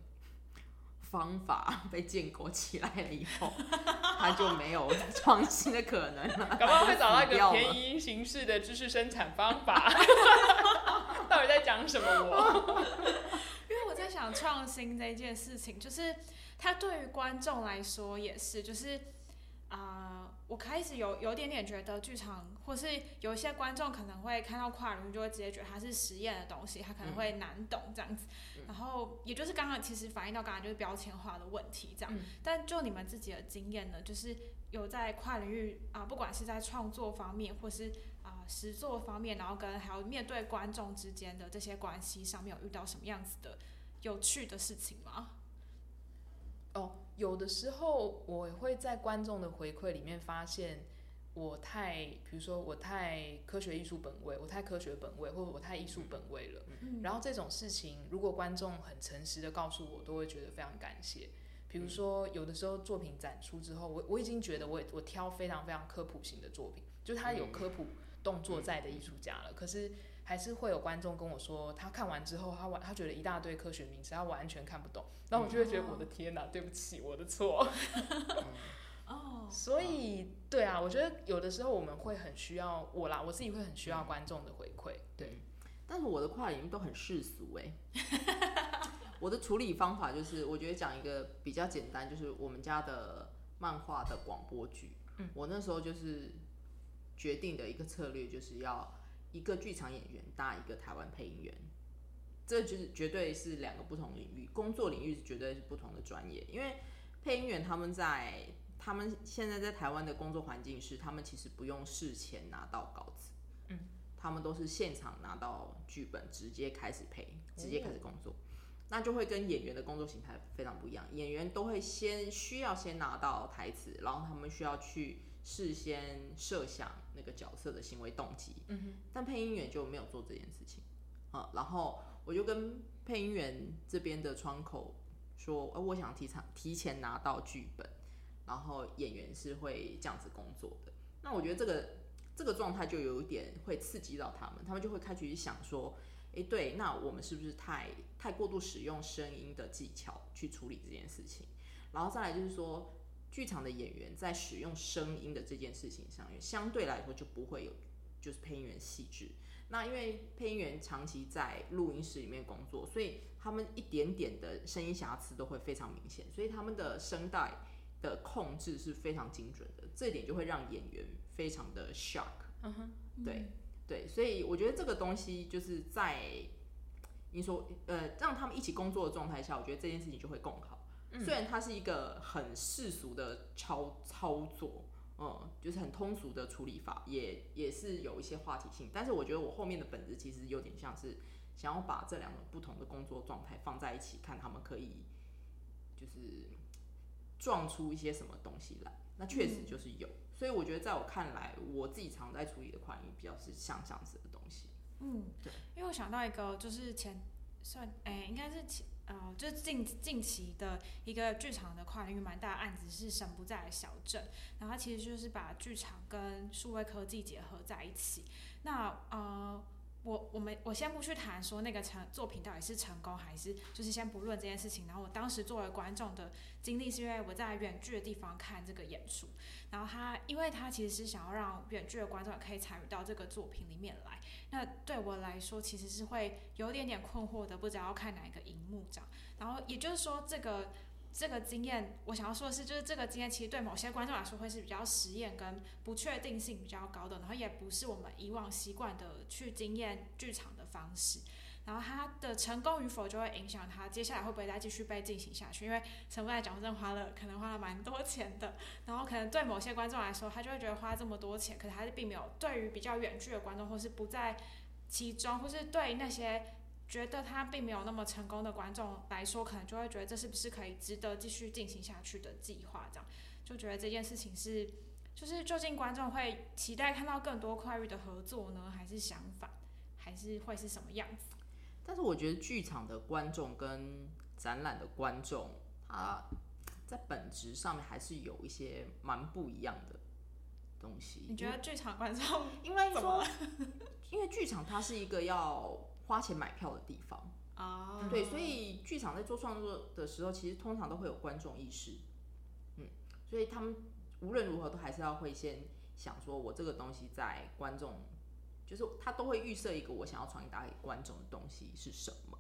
方法被建構起來了以後，它就沒有創新的可能了。 搞不好會找到一個便宜行事的知識生產方法。 到底在講什麼？我，因為我在想創新這件事情，就是它對於觀眾來說也是，就是啊。呃我開始有有點點覺得，劇場或是有一些觀眾可能會看到跨領域，就會直接覺得它是實驗的東西，它可能會難懂這樣子。嗯、然後也就是剛剛其實反映到剛剛就是標籤化的問題這樣。嗯、但就你們自己的經驗呢，就是有在跨領域啊、呃，不管是在創作方面或是啊、呃、實作方面，然後跟還有面對觀眾之間的這些關係上面有遇到什麼樣子的有趣的事情嗎？哦、有的時候，我會在觀眾的回饋裡面發現我太，比如說我太科學藝術本位，我太科學本位，或者我太藝術本位了。嗯、然後這種事情，如果觀眾很誠實的告訴我，我都會覺得非常感謝。比如說，有的時候作品展出之後，我我已經覺得我我挑非常非常科普型的作品，就他有科普動作在的藝術家了。可是還是會有觀眾跟我說，他看完之後，他完他覺得一大堆科學名詞，他完全看不懂。那我就會覺得、oh. 我的天哪、啊，對不起，我的錯、 嗯。所以對啊，我覺得有的時候我們會很需要我啦，我自己會很需要觀眾的回饋。嗯、對，但是我的跨領域都很世俗哎。 我的處理方法就是，我覺得講一個比較簡單，就是我們家的漫畫的廣播劇。嗯，我那時候就是決定的一個策略，就是要。一個劇場演員搭一個台灣配音員，這就是絕對是兩個不同領域，工作領域是絕對是不同的專業。因為配音員他們在他們現在在台灣的工作環境是，他們其實不用事前拿到稿子，嗯，他們都是現場拿到劇本，直接開始配，直接開始工作，嗯，那就會跟演員的工作形態非常不一樣。演員都會先需要先拿到台詞，然後他們需要去。事先設想那個角色的行為動機，嗯、哼但配音員就沒有做這件事情啊。然後我就跟配音員這邊的窗口說：“呃，我想提提前拿到劇本，然後演員是會這樣子工作的。”那我覺得這個這個狀態就有一點會刺激到他們，他們就會開始想說：“哎，欸，對，那我們是不是太太過度使用聲音的技巧去處理這件事情？”然後再來就是說。劇場的演員在使用聲音的這件事情上，相對來說就不會有就是配音員細緻。那因為配音員長期在錄音室裡面工作，所以他們一點點的聲音瑕疵都會非常明顯。所以他們的聲帶的控制是非常精準的，這點就會讓演員非常的 shock。uh-huh，嗯哼，mm-hmm。對對，所以我覺得這個東西就是在你說呃讓他們一起工作的狀態下，我覺得這件事情就會更好。雖然它是一個很世俗的操操作，嗯，嗯，就是很通俗的處理法，也也是有一些話題性。但是我覺得我後面的本質其實有點像是想要把這兩個不同的工作狀態放在一起看，他們可以就是撞出一些什麼東西來。那確實就是有，嗯、所以我覺得在我看來，我自己常在處理的跨域比較是像像這樣子的東西。嗯，對，因為我想到一個，就是前算，哎、欸，應該是前。呃、嗯，就近近期的一個劇場的跨領域蠻大的案子是《神不在的小鎮》，然後它其實就是把劇場跟數位科技結合在一起。那啊。呃我我們我先不去談說那個成作品到底是成功還是，就是先不論這件事情。然後我當時作為觀眾的經歷是因為我在遠距的地方看這個演出，然後他因為他其實是想要讓遠距的觀眾可以參與到這個作品裡面來。那對我來說其實是會有點點困惑的，不知道要看哪個熒幕這樣。然後也就是說這個。這個經驗，我想要說的是，就是這個經驗其實對某些觀眾來說會是比較實驗跟不確定性比較高的，然後也不是我們以往習慣的去經驗劇場的方式，然後他的成功與否就會影響他接下來會不會再繼續被進行下去，因為成本來講，真花了可能花了蠻多錢的，然後可能對某些觀眾來說，他就會覺得花這麼多錢，可是還是並沒有對於比較遠距的觀眾或是不在其中，或是對於那些。覺得他並沒有那麼成功的觀眾來說，可能就會覺得這是不是可以值得繼續進行下去的計劃？這樣就覺得這件事情是，就是究竟觀眾會期待看到更多跨域的合作呢，還是想法？還是會是什麼樣子？但是我覺得劇場的觀眾跟展覽的觀眾，他在本質上面還是有一些蠻不一樣的東西。為你覺得劇場觀眾麼 因為說，因為劇場它是一個要。花錢買票的地方哦，oh. 對，所以劇場在做創作的時候，其實通常都會有觀眾意識，嗯，所以他們無論如何都還是要會先想說，我這個東西在觀眾，就是他都會預設一個我想要傳達給觀眾的東西是什麼，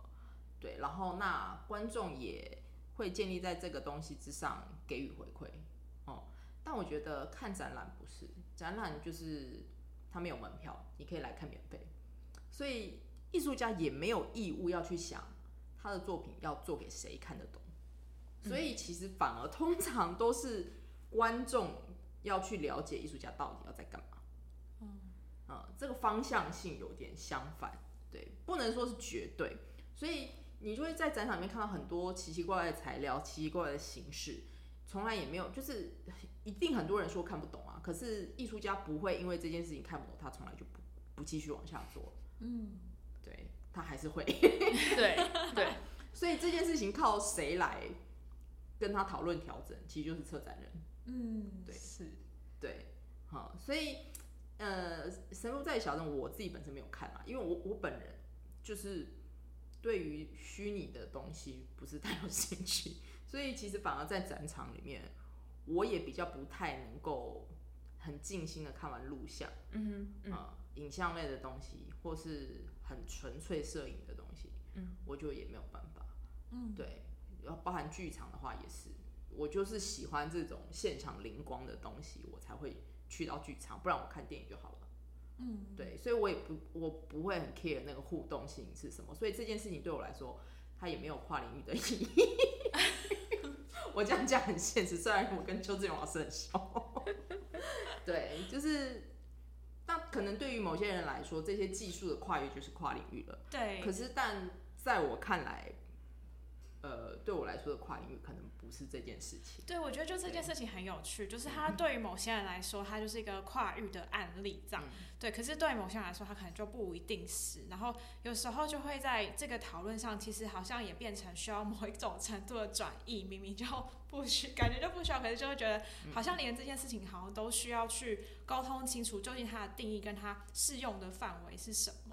對，然後那觀眾也會建立在這個東西之上給予回饋哦，嗯。但我覺得看展覽不是，展覽就是他沒有門票，你可以來看免費，所以。藝術家也沒有義務要去想他的作品要做給誰看得懂，所以其實反而通常都是觀眾要去了解藝術家到底要在幹嘛。嗯，啊，這個方向性有點相反，對，不能說是絕對。所以你就會在展場裡面看到很多奇奇怪怪的材料、奇奇怪怪的形式，從來也沒有就是一定很多人說看不懂啊，可是藝術家不會因為這件事情看不懂，他從來就不繼續往下做。嗯。他還是會 對，對對， 所以這件事情靠誰來跟他討論調整，其實就是策展人。嗯，對，是，對，好，嗯，所以，呃，神鹿在小鎮我自己本身沒有看嘛，因為我我本人就是對於虛擬的東西不是太有興趣，所以其實反而在展場裡面，我也比較不太能夠很盡心的看完錄像，嗯，嗯，嗯影像類的東西或是。很純粹攝影的東西，嗯，我就也沒有辦法，嗯，對，要包含劇場的話也是，我就是喜歡這種現場靈光的東西，我才會去到劇場，不然我看電影就好了，嗯，對，所以我也不，我不會很 care 那個互動性是什麼，所以這件事情對我來說，它也沒有跨領域的意義。 我這樣講很現實，雖然我跟邱志勇老師很熟， 對，就是。那可能對於某些人來說，這些技術的跨越就是跨領域了。對，可是但在我看來。呃，對我來說的跨域，可能不是這件事情。對，我覺得就這件事情很有趣，對就是它對於某些人來說，它就是一個跨域的案例，這樣。嗯、對，可是對於某些人來說，它可能就不一定是。然後有時候就會在這個討論上，其實好像也變成需要某一種程度的轉移。明明就不需，感覺就不需要，可是就會覺得好像連這件事情好像都需要去溝通清楚，究竟它的定義跟它適用的範圍是什麼。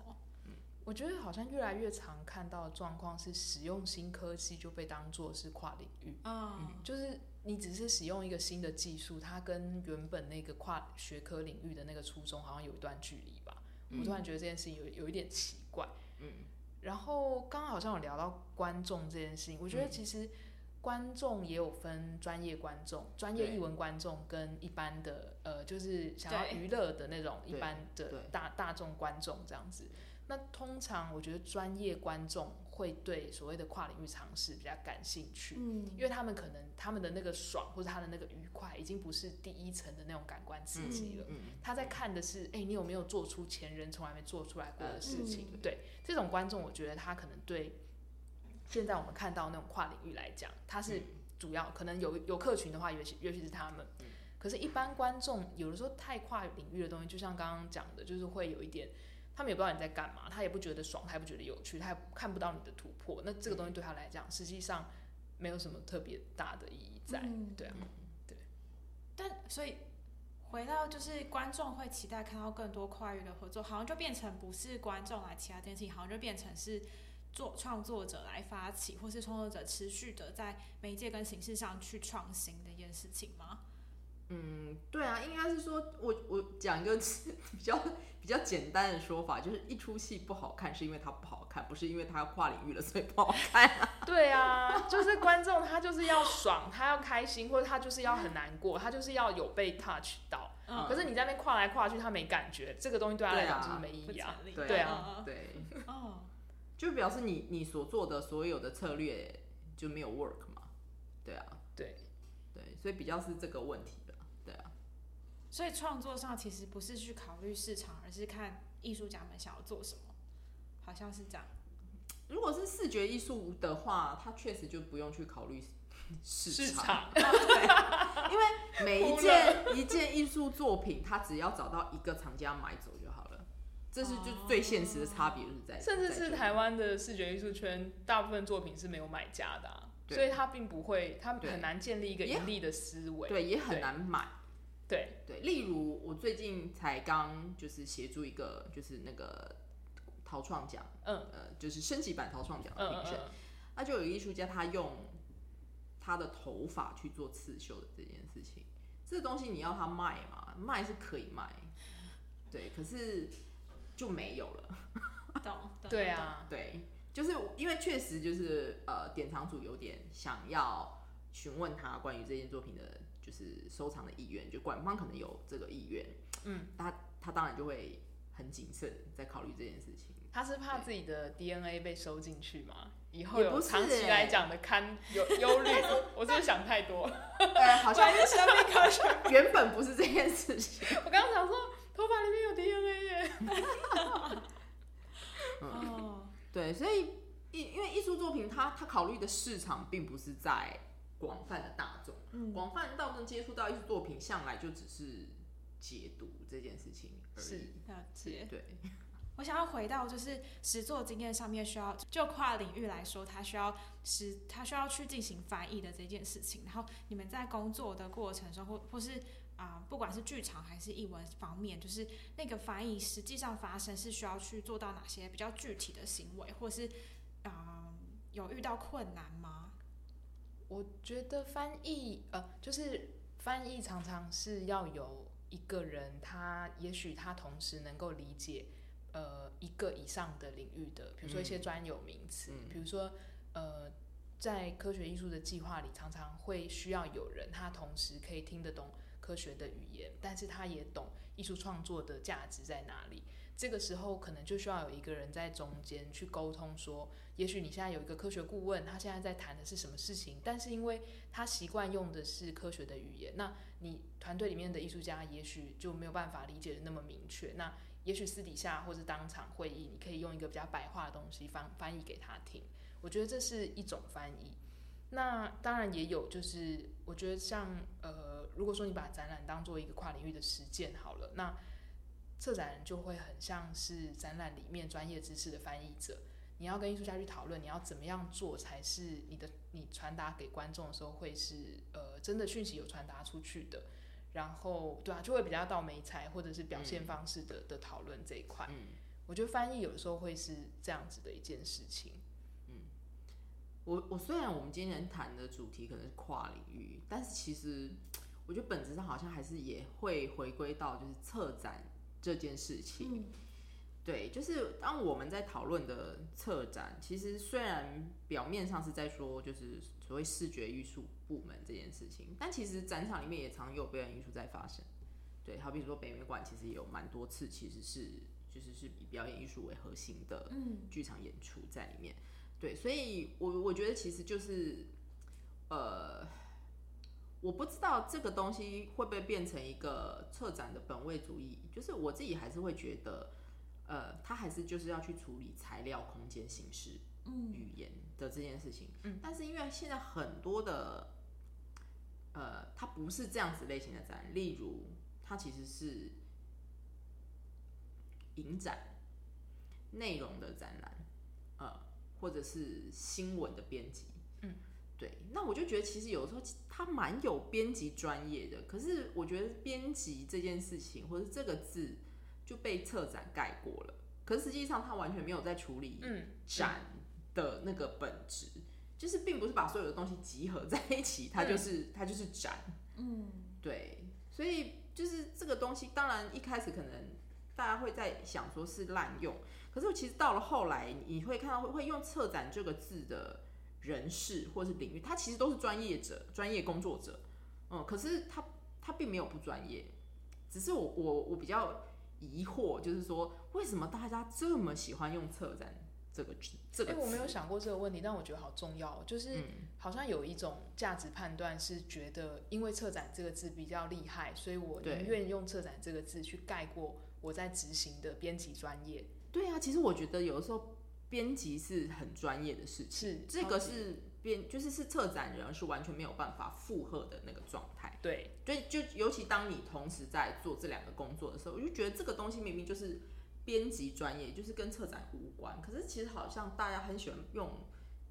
我覺得好像越來越常看到的狀況是使用新科技就被當做是跨領域嗯，啊、就是你只是使用一個新的技術，它跟原本那個跨學科領域的那個初衷好像有一段距離吧。嗯、我突然覺得這件事情有有一點奇怪。嗯，然後剛剛好像有聊到觀眾這件事情，我覺得其實觀眾也有分專業觀眾、專、嗯、業藝文觀眾跟一般的對呃，就是想要娛樂的那種一般的大大眾觀眾這樣子。那通常我覺得專業觀眾會對所謂的跨領域嘗試比較感興趣，嗯、因為他們可能他們的那個爽或者他的那個愉快已經不是第一層的那種感官刺激了，嗯嗯、他在看的是，哎、欸，你有沒有做出前人從來沒做出來過的事情？嗯、對，這種觀眾我覺得他可能對現在我們看到那種跨領域來講，他是主要、嗯、可能有有客群的話，尤其尤其是他們，嗯、可是一般觀眾有的時候太跨領域的東西，就像剛剛講的，就是會有一點。他們也不知道你在幹嘛，他也不覺得爽，他也不覺得有趣，他也看不到你的突破。那這個東西對他來講，嗯、實際上沒有什麼特別大的意義在。嗯、對啊，嗯、對。但所以回到就是觀眾會期待看到更多跨域的合作，好像就變成不是觀眾來期待，好像就變成是做創作者來發起，或是創作者持續的在媒介跟形式上去創新的一件事情嗎？嗯，對啊，應該是說我，我我講一個比較比較簡單的說法，就是一出戲不好看，是因為它不好看，不是因為它跨領域了所以不好看啊。對啊，就是觀眾他就是要爽，他要開心，或者他就是要很難過，他就是要有被 touch 到。嗯，可是你在那跨來跨去，他沒感覺，這個東西對他來講就是沒意義啊。對啊，對。哦。就表示你你所做的所有的策略就沒有 work 嘛。對啊，對，對，所以比較是這個問題。所以創作上其實不是去考慮市場，而是看藝術家們想要做什麼，好像是這樣。如果是視覺藝術的話，他確實就不用去考慮市場、市場， 因為每一件了一件藝術作品，他只要找到一個藏家買走就好了。這是就最現實的差別，就是在、啊、在，在甚至是台灣的視覺藝術圈，大部分作品是沒有買家的，啊，對所以他並不會，他很難建立一個盈利的思維，對，對，也很難買。對對，例如我最近才剛就是協助一個就是那個陶創獎，嗯、呃就是升級版陶創獎的評審，那、嗯嗯嗯嗯啊、就有藝術家他用他的頭髮去做刺繡的這件事情，這個、東西你要他賣嘛，賣是可以賣，對，可是就沒有了，懂，對啊，對，就是因為確實就是呃典藏組有點想要詢問他關於這件作品的就是收藏的意願，就館方可能有這個意願，嗯，他他當然就會很謹慎在考慮這件事情。他是怕自己的 DNA 被收進去嗎？對以後有長期來講的堪憂憂慮，是欸、我是不是想太多？ 對，好像原本不是這件事情。我剛剛想說，頭髮裡面有 DNA 耶。哦、 嗯，oh. 對，所以藝因為藝術作品它，他他考慮的市場並不是在。廣泛的大眾、啊，嗯，廣泛到能接觸到藝術作品，嗯、向來就只是解讀這件事情而已。是，是，對。我想要回到就是實作經驗上面，需要就跨領域來說，它需要實，它需要去進行翻譯的這件事情。然後你們在工作的過程中，或或是啊、呃，不管是劇場還是藝文方面，就是那個翻譯實際上發生是需要去做到哪些比較具體的行為，或是啊、呃，有遇到困難嗎？我覺得翻譯，呃，就是翻譯常常是要有一個人，他也許他同時能夠理解，呃，一個以上的領域的，比如說一些專有名詞，嗯、嗯、比如說，呃，在科學藝術的計劃裡，常常會需要有人，他同時可以聽得懂科學的語言，但是他也懂藝術創作的價值在哪裡。這個時候可能就需要有一個人在中間去溝通，說，也許你現在有一個科學顧問，他現在在談的是什麼事情，但是因為他習慣用的是科學的語言，那你團隊裡面的藝術家也許就沒有辦法理解得那麼明確。那也許私底下或是當場會議，你可以用一個比較白話的東西翻翻譯給他聽，我覺得這是一種翻譯。那當然也有，就是我覺得像呃，如果說你把展覽當做一個跨領域的實踐好了，那。策展人就會很像是展覽裡面專業知識的翻譯者，你要跟藝術家去討論，你要怎麼樣做才是你的，你傳達給觀眾的時候會是呃真的訊息有傳達出去的。然後對啊，就會比較到媒材或者是表現方式的、嗯、的討論這一塊。嗯，我覺得翻譯有時候會是這樣子的一件事情。嗯，我我雖然我們今天談的主題可能是跨領域，但是其實我覺得本質上好像還是也會回歸到就是策展。這件事情，嗯、對，就是當我們在討論的策展，其實雖然表面上是在說就是所謂視覺藝術部門這件事情，但其實展場裡面也常有表演藝術在發生。對，好比說北美館，其實也有蠻多次，其實是就是是以表演藝術為核心的劇場演出在裡面。嗯、對，所以我我覺得其實就是，呃。我不知道這個東西會不會變成一個策展的本位主義，就是我自己還是會覺得，呃，它還是就是要去處理材料、空間、形式、語言的這件事情。嗯，但是因為現在很多的，呃，它不是這樣子類型的展覽，例如它其實是影展、內容的展覽，呃，或者是新聞的編輯。對，那我就覺得其實有的時候他蠻有編輯專業的，可是我覺得編輯這件事情，或者是這個字就被策展蓋過了。可實際上他完全沒有在處理展的那個本質，嗯、就是並不是把所有的東西集合在一起，它就是、嗯、它就是展。嗯，對，所以就是這個東西，當然一開始可能大家會在想說是濫用，可是其實到了後來，你會看到會用策展這個字的。人事或是領域，他其實都是專業者、專業工作者，嗯，可是他他並沒有不專業，只是我我我比較疑惑，就是說，為什麼大家這麼喜歡用“策展”這個、這個字？這個我沒有想過這個問題，但我覺得好重要，就是好像有一種價值判斷，是覺得因為“策展”這個字比較厲害，所以我寧願用“策展”這個字去概括我在執行的編輯專業。對啊，其實我覺得有的時候。編輯是很專業的事情，是這個是編，就是是策展人而是完全沒有辦法負荷的那個狀態。對，就，就尤其當你同時在做這兩個工作的時候，我就覺得這個東西明明就是編輯專業，就是跟策展無關。可是其實好像大家很喜歡用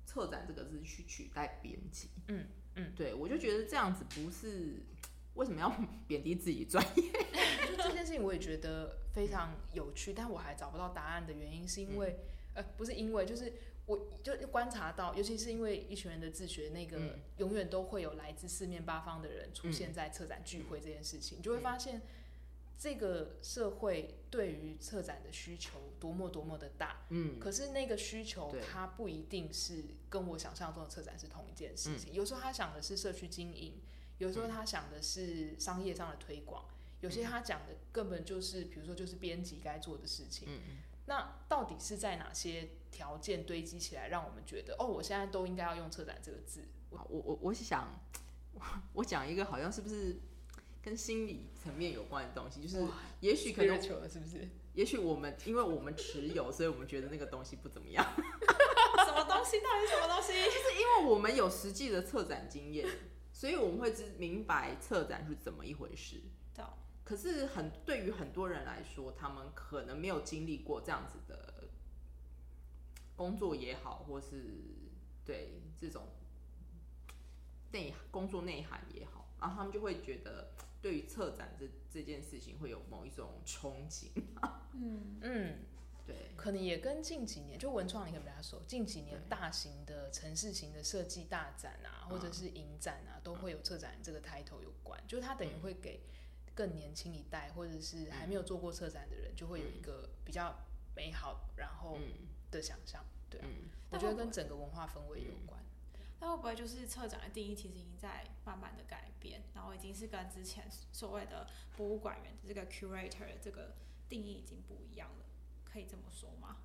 策展這個字去取代編輯。嗯。嗯嗯，對我就覺得這樣子不是，為什麼要貶低自己專業？ 就這件事情我也覺得非常有趣，但我還找不到答案的原因是因為。呃，不是因為，就是我就觀察到，尤其是因為一群人的自學，那個永遠都會有來自四面八方的人出現在策展聚會這件事情，嗯、你就會發現、嗯、這個社會對於策展的需求多麼多麼的大。嗯，可是那個需求它不一定是跟我想象中的策展是同一件事情。嗯、有時候他想的是社區經營，嗯、有時候他想的是商業上的推廣，嗯、有些他講的根本就是，比如說就是編輯該做的事情。嗯。那到底是在哪些條件堆積起來，讓我們覺得哦，我現在都應該要用“策展”這個字？我我我想，我講一個好像是不是跟心理層面有關的東西，就是也許可能是不是？也許我們因為我們持有，所以我們覺得那個東西不怎麼樣。 什麼東西？到底是什麼東西？就是因為我們有實際的策展經驗，所以我們會知明白策展是怎麼一回事。可是很對於很多人來說，他們可能沒有經歷過這樣子的工作也好，或是對這種內工作內涵也好，然後他們就會覺得對於策展這這件事情會有某一種憧憬。嗯嗯， 對嗯，可能也跟近幾年就文創，你可能比較熟，近幾年大型的城市型的設計大展啊，嗯、或者是影展啊，都會有策展這個抬頭有關，就是它等於會給。嗯更年輕一代，或者是還沒有做過策展的人，嗯、就會有一個比較美好然後的想象，對、啊。嗯、我覺得跟整個文化氛圍有關。那會，會、嗯、會不會就是策展的定義其實已經在慢慢的改變，然後已經是跟之前所謂的博物館員的這個 curator 這個定義已經不一樣了？可以這麼說嗎？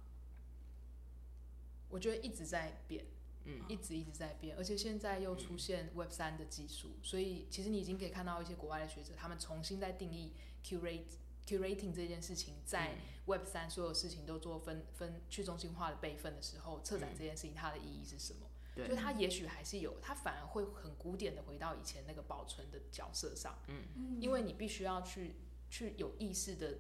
我覺得一直在變。嗯，一直一直在變，而且現在又出現 Web 三的技術，嗯、所以其實你已經可以看到一些國外的學者，他們重新在定義 curate curating 這件事情，在 Web 三所有事情都做分分去中心化的備份的時候，策展這件事情它的意義是什麼？對、嗯，就它也許還是有，它反而會很古典的回到以前那個保存的角色上。嗯嗯，因為你必須要去去有意識的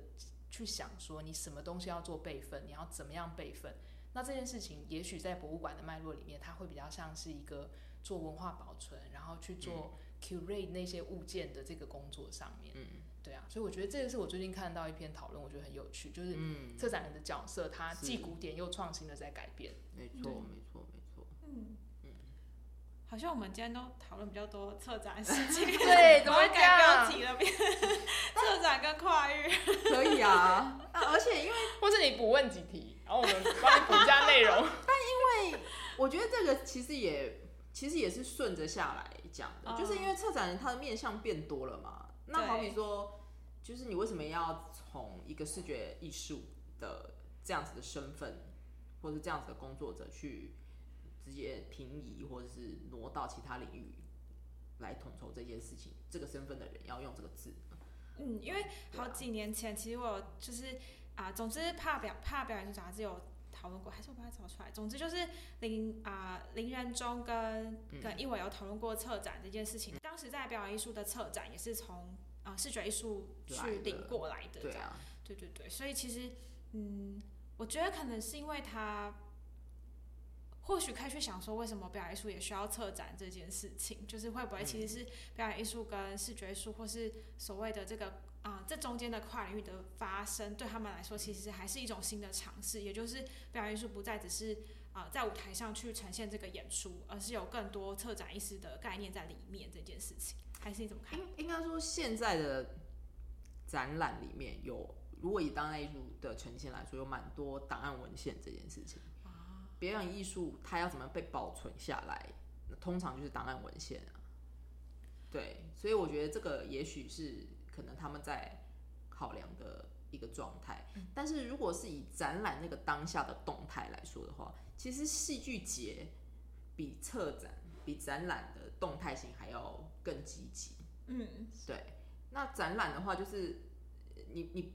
去想說，你什麼東西要做備份，你要怎麼樣備份。那這件事情，也許在博物館的脈絡裡面，它會比較像是一個做文化保存，然後去做 curate 那些物件的這個工作上面。嗯，嗯對啊，所以我覺得這個是我最近看到一篇討論，我覺得很有趣，就是策展人的角色，他既古典又創新的在改變。沒錯、嗯，沒錯。對沒好像我們今天都討論比較多策展的事情， 對，怎麼會改標題了？但策展跟跨域可以啊。 啊，而且因為或者你補問幾題，然後我們幫你補加內容。 但因為我覺得這個其實也其實也是順着下來講的，嗯，就是因為策展人的面向變多了嘛。對那好比說，就是你為什麼要從一個視覺藝術的這樣子的身份，或是這樣子的工作者去？直接平移或者是挪到其他領域來統籌這件事情，這個身份的人要用這個字。嗯，因為好幾年前，其實我就是啊、呃，總之怕表怕表演藝術雜誌有討論過，還是我把它找出來。總之就是林啊、呃、林人中跟跟一偉有討論過策展這件事情。嗯，當時在表演藝術的策展也是從啊、呃、視覺藝術去領過來的。對。對啊，對對對，所以其實嗯，我覺得可能是因為他。或許可以去想說，為什麼表演藝術也需要策展這件事情，就是會不會其實是表演藝術跟視覺藝術，或是所謂的這個啊、呃，這中間的跨領域的發生，對他們來說其實還是一種新的嘗試。也就是表演藝術不再只是啊、呃、在舞台上去呈現這個演出，而是有更多策展意識的概念在裡面這件事情，還是你怎麼看？應應該說現在的展覽裡面有，如果以當代藝術的呈現來說，有蠻多檔案文獻這件事情。表演藝術它要怎麼被保存下來？那通常就是檔案文獻啊。對，所以我覺得這個也許是可能他們在考量的一個狀態。但是如果是以展覽那個當下的動態來說的話，其實戲劇節比策展、比展覽的動態性還要更積極。嗯，對。那展覽的話，就是你你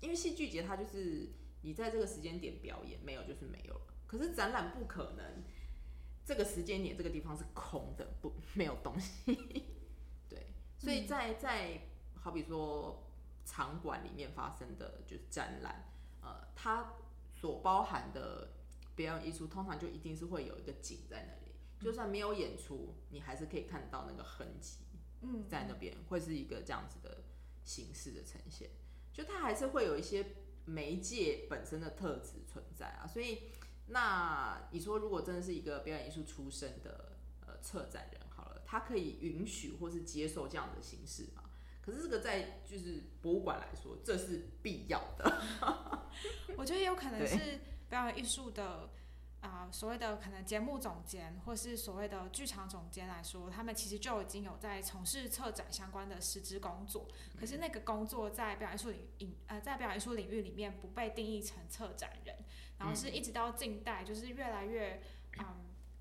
因為戲劇節它就是你在這個時間點表演，沒有就是沒有了。可是展覽不可能，這個時間點這個地方是空的，不，沒有東西。 對，所以在、嗯、在好比說場館裡面發生的，就是展覽，呃，它所包含的表演藝術，通常就一定是會有一個景在那裡，嗯、就算沒有演出，你還是可以看到那個痕跡。嗯，在那邊會是一個這樣子的形式的呈現，就它還是會有一些媒介本身的特質存在啊，所以。那你說，如果真的是一個表演藝術出身的呃策展人，好了，他可以允許或是接受這樣的形式嗎？可是這個在就是博物館來說，這是必要的。 我覺得有可能是表演藝術的啊對、呃，所謂的可能節目總監或是所謂的劇場總監來說，他們其實就已經有在從事策展相關的實質工作，嗯、可是那個工作在表演藝術領呃在表演藝術領域裡面不被定義成策展人。然後是一直到近代，就是越來越，嗯，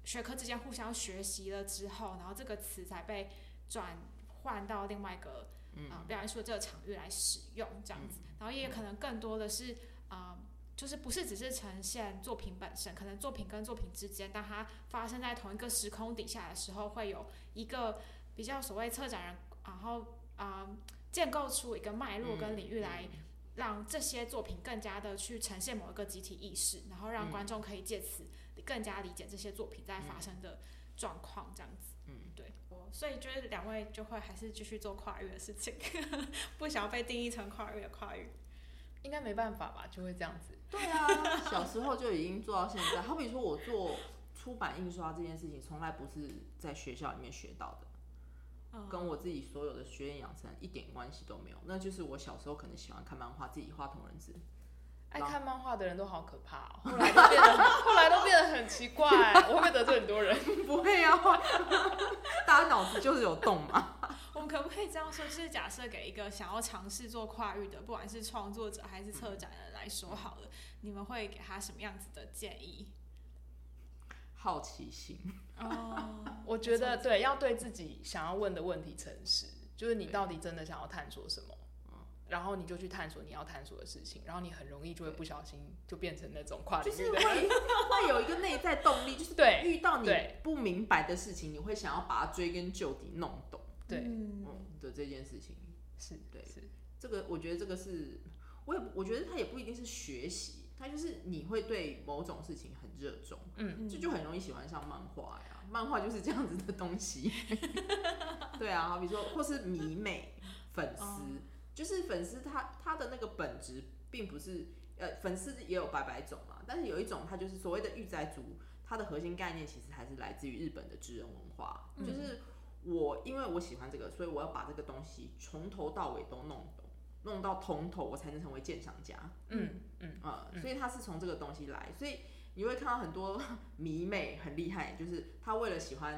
學科之間互相學習了之後，然後這個詞才被轉換到另外一個，啊、嗯呃，表演術這個場域來使用這樣子。然後也有可能更多的是，啊、嗯，就是不是只是呈現作品本身，可能作品跟作品之間，當它發生在同一個時空底下的時候，會有一個比較所謂策展人，然後啊、嗯，建構出一個脈絡跟領域來。嗯嗯讓這些作品更加的去呈現某一個集體意識，然後讓觀眾可以借此更加理解這些作品在發生的狀況，這樣子。嗯，嗯對。所以覺得兩位就會還是繼續做跨域的事情， 不想要被定義成跨域，跨域應該沒辦法吧？就會這樣子。對啊，小時候就已經做到現在。 好比說，我做出版印刷這件事情，從來不是在學校裡面學到的。跟我自己所有的學業養成一點關係都沒有，那就是我小時候可能喜歡看漫畫，自己畫同人志，愛看漫畫的人都好可怕、哦，後來都變得， 後來都變得很奇怪，我會不會得罪很多人？ 不會啊，大家腦子就是有洞嘛。 我們可不可以這樣說？就是假設給一個想要嘗試做跨域的，不管是創作者還是策展人來說好的，好了、嗯，你們會給他什麼樣子的建議？好奇心哦，我覺得對，要對自己想要問的問題誠實，就是你到底真的想要探索什麼，嗯，然後你就去探索你要探索的事情，然後你很容易就會不小心就變成那種跨，就是會會有一個內在動力，就是對遇到你不明白的事情，你會想要把它追根究底弄懂，對，嗯的這件事情是對，是這個，我覺得這個是，我也我覺得他也不一定是學習。它就是你會對某種事情很熱衷，嗯，這就很容易喜歡上漫畫呀。漫畫就是這樣子的東西， 對啊，好比說或是迷妹粉絲，就是粉絲他他的那個本質並不是，呃，粉絲也有百百種嘛，但是有一種它就是所謂的御宅族，它的核心概念其實還是來自於日本的職人文化，嗯、就是我因為我喜歡這個，所以我要把這個東西從頭到尾都弄。弄到通透，我才能成為鑑賞家。嗯嗯、呃，所以他是從這個東西來，嗯、所以你會看到很多迷妹很厲害，就是他為了喜歡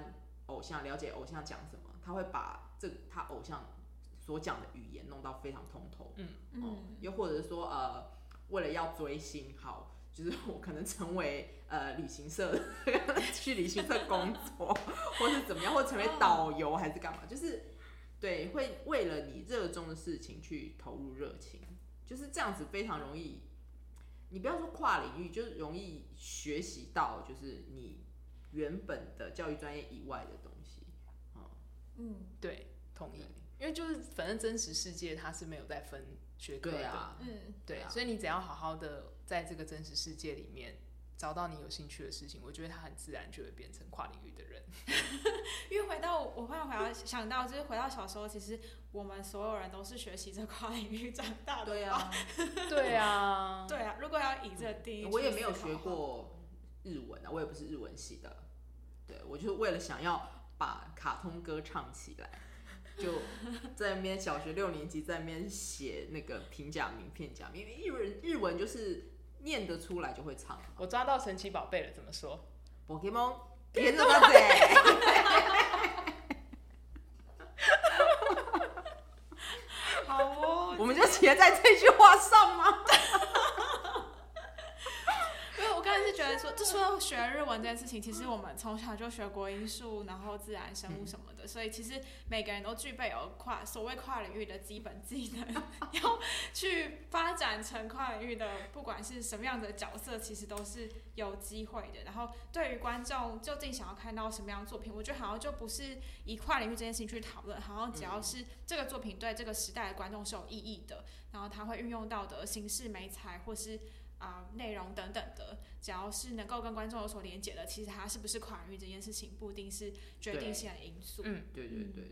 偶像，了解偶像講什麼，他會把這他偶像所講的語言弄到非常通透、嗯。嗯、呃、又或者說呃，為了要追星，好，就是我可能成為呃旅行社 去旅行社工作， 或是怎麼樣，或者成為導遊還是幹嘛，就是。對，會為了你熱衷的事情去投入熱情，就是這樣子，非常容易。你不要說跨領域，就是容易學習到就是你原本的教育專業以外的東西，嗯，嗯，對，同意。對，因為就是反正真實世界它是沒有在分學科的，嗯，對啊。嗯，所以你只要好好的在這個真實世界裡面。找到你有興趣的事情，我覺得他很自然就會變成跨領域的人。 因為回到我忽然回到想到，就是回到小時候，其實我們所有人都是學習這跨領域長大的。對啊，對啊， 對啊。如果要以這第一，我也沒有學過日文啊，我也不是日文系的。對，我就為了想要把卡通歌唱起來，就在那邊小學六年級在那邊寫那個平假名片假名，因為日文日文就是。念得出來就會唱。我抓到神奇寶貝了，怎麼說？Pokemon，神奇寶貝。好哦。我們就寫在這句話上嗎？因 為 我剛才是覺得說，就說到學日文這件事情，其實我們從小就學國英數然後自然生物什麼的。 嗯所以其實每個人都具備有跨所謂跨領域的基本技能，然後去發展成跨領域的，不管是什麼樣的角色，其實都是有機會的。然後對於觀眾究竟想要看到什麼樣的作品，我覺得好像就不是以跨領域這件事情去討論，好像只要是這個作品對這個時代的觀眾是有意義的，然後他會運用到的形式、媒材或是。啊，內、uh, 容等等的，只要是能夠跟觀眾有所連接的，其實它是不是跨域這件事情，不一定是決定性的因素。嗯，對對對對。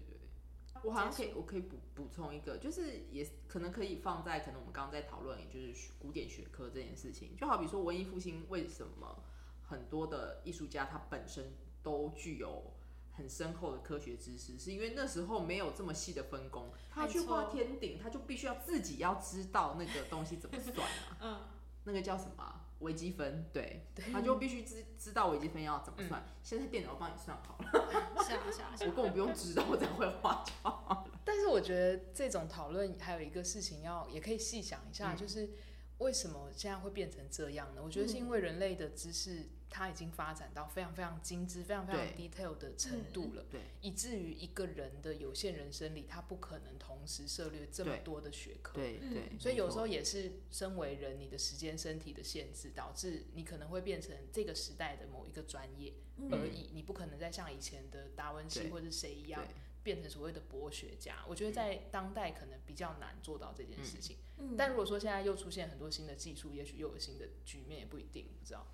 我好像可以，我可以補補充一個，就是也可能可以放在可能我們剛剛在討論，就是古典學科這件事情。就好比說文藝復興為什麼很多的藝術家他本身都具有很深厚的科學知識，是因為那時候沒有這麼細的分工，他去畫天頂，他就必須要自己要知道那個東西怎麼算啊。 嗯。那個叫什麼、啊、微積分？對，對他就必須知知道微積分要怎麼算。嗯、現在電腦幫你算好了， 是啊是啊是啊、我根本不用知道，我就會化妝了。 但是我覺得這種討論還有一個事情要，也可以細想一下，嗯、就是為什麼現在會變成這樣呢？我覺得是因為人類的知識、嗯。它已經發展到非常非常精緻、非常非常 detail 的程度了，對，嗯、對以至於一個人的有限人生裡，他不可能同時涉獵這麼多的學科，對，對，對，所以有時候也是身為人，你的時間、身體的限制，導致你可能會變成這個時代的某一個專業而已，嗯、你不可能再像以前的達文西或者誰一樣變成所謂的博學家。我覺得在當代可能比較難做到這件事情。嗯嗯、但如果說現在又出現很多新的技術，也許又有新的局面，也不一定，不知道。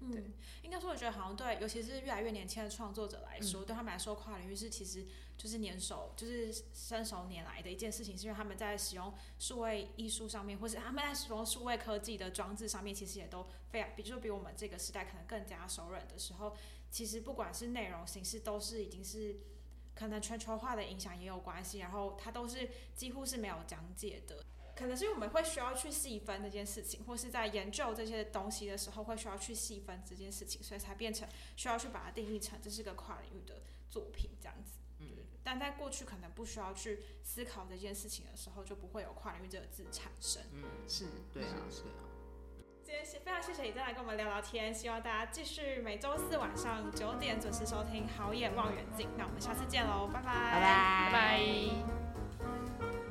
嗯，對，應該說我覺得好像對，尤其是越來越年輕的創作者來說，嗯、對他們來說跨領域是其實就是拈手，就是伸手拈來的一件事情，是因為他們在使用數位藝術上面，或是他們在使用數位科技的裝置上面，其實也都非常，比如說比我們這個時代可能更加熟稔的時候，其實不管是內容形式，都是已經是可能全球化的影響也有關係，然後它都是幾乎是沒有疆界的。可能是因為我們會需要去細分這件事情，或是在研究這些東西的時候會需要去細分這件事情，所以才變成需要去把它定義成這是個跨領域的作品這樣子。嗯，但在過去可能不需要去思考這件事情的時候，就不會有跨領域這個字產生。嗯，是對啊，是啊。今天非常謝謝你再來跟我們聊聊天，希望大家繼續每周四晚上九點準時收聽《好野望遠鏡》，那我們下次見嘍，拜拜，拜拜，拜 bye。Bye bye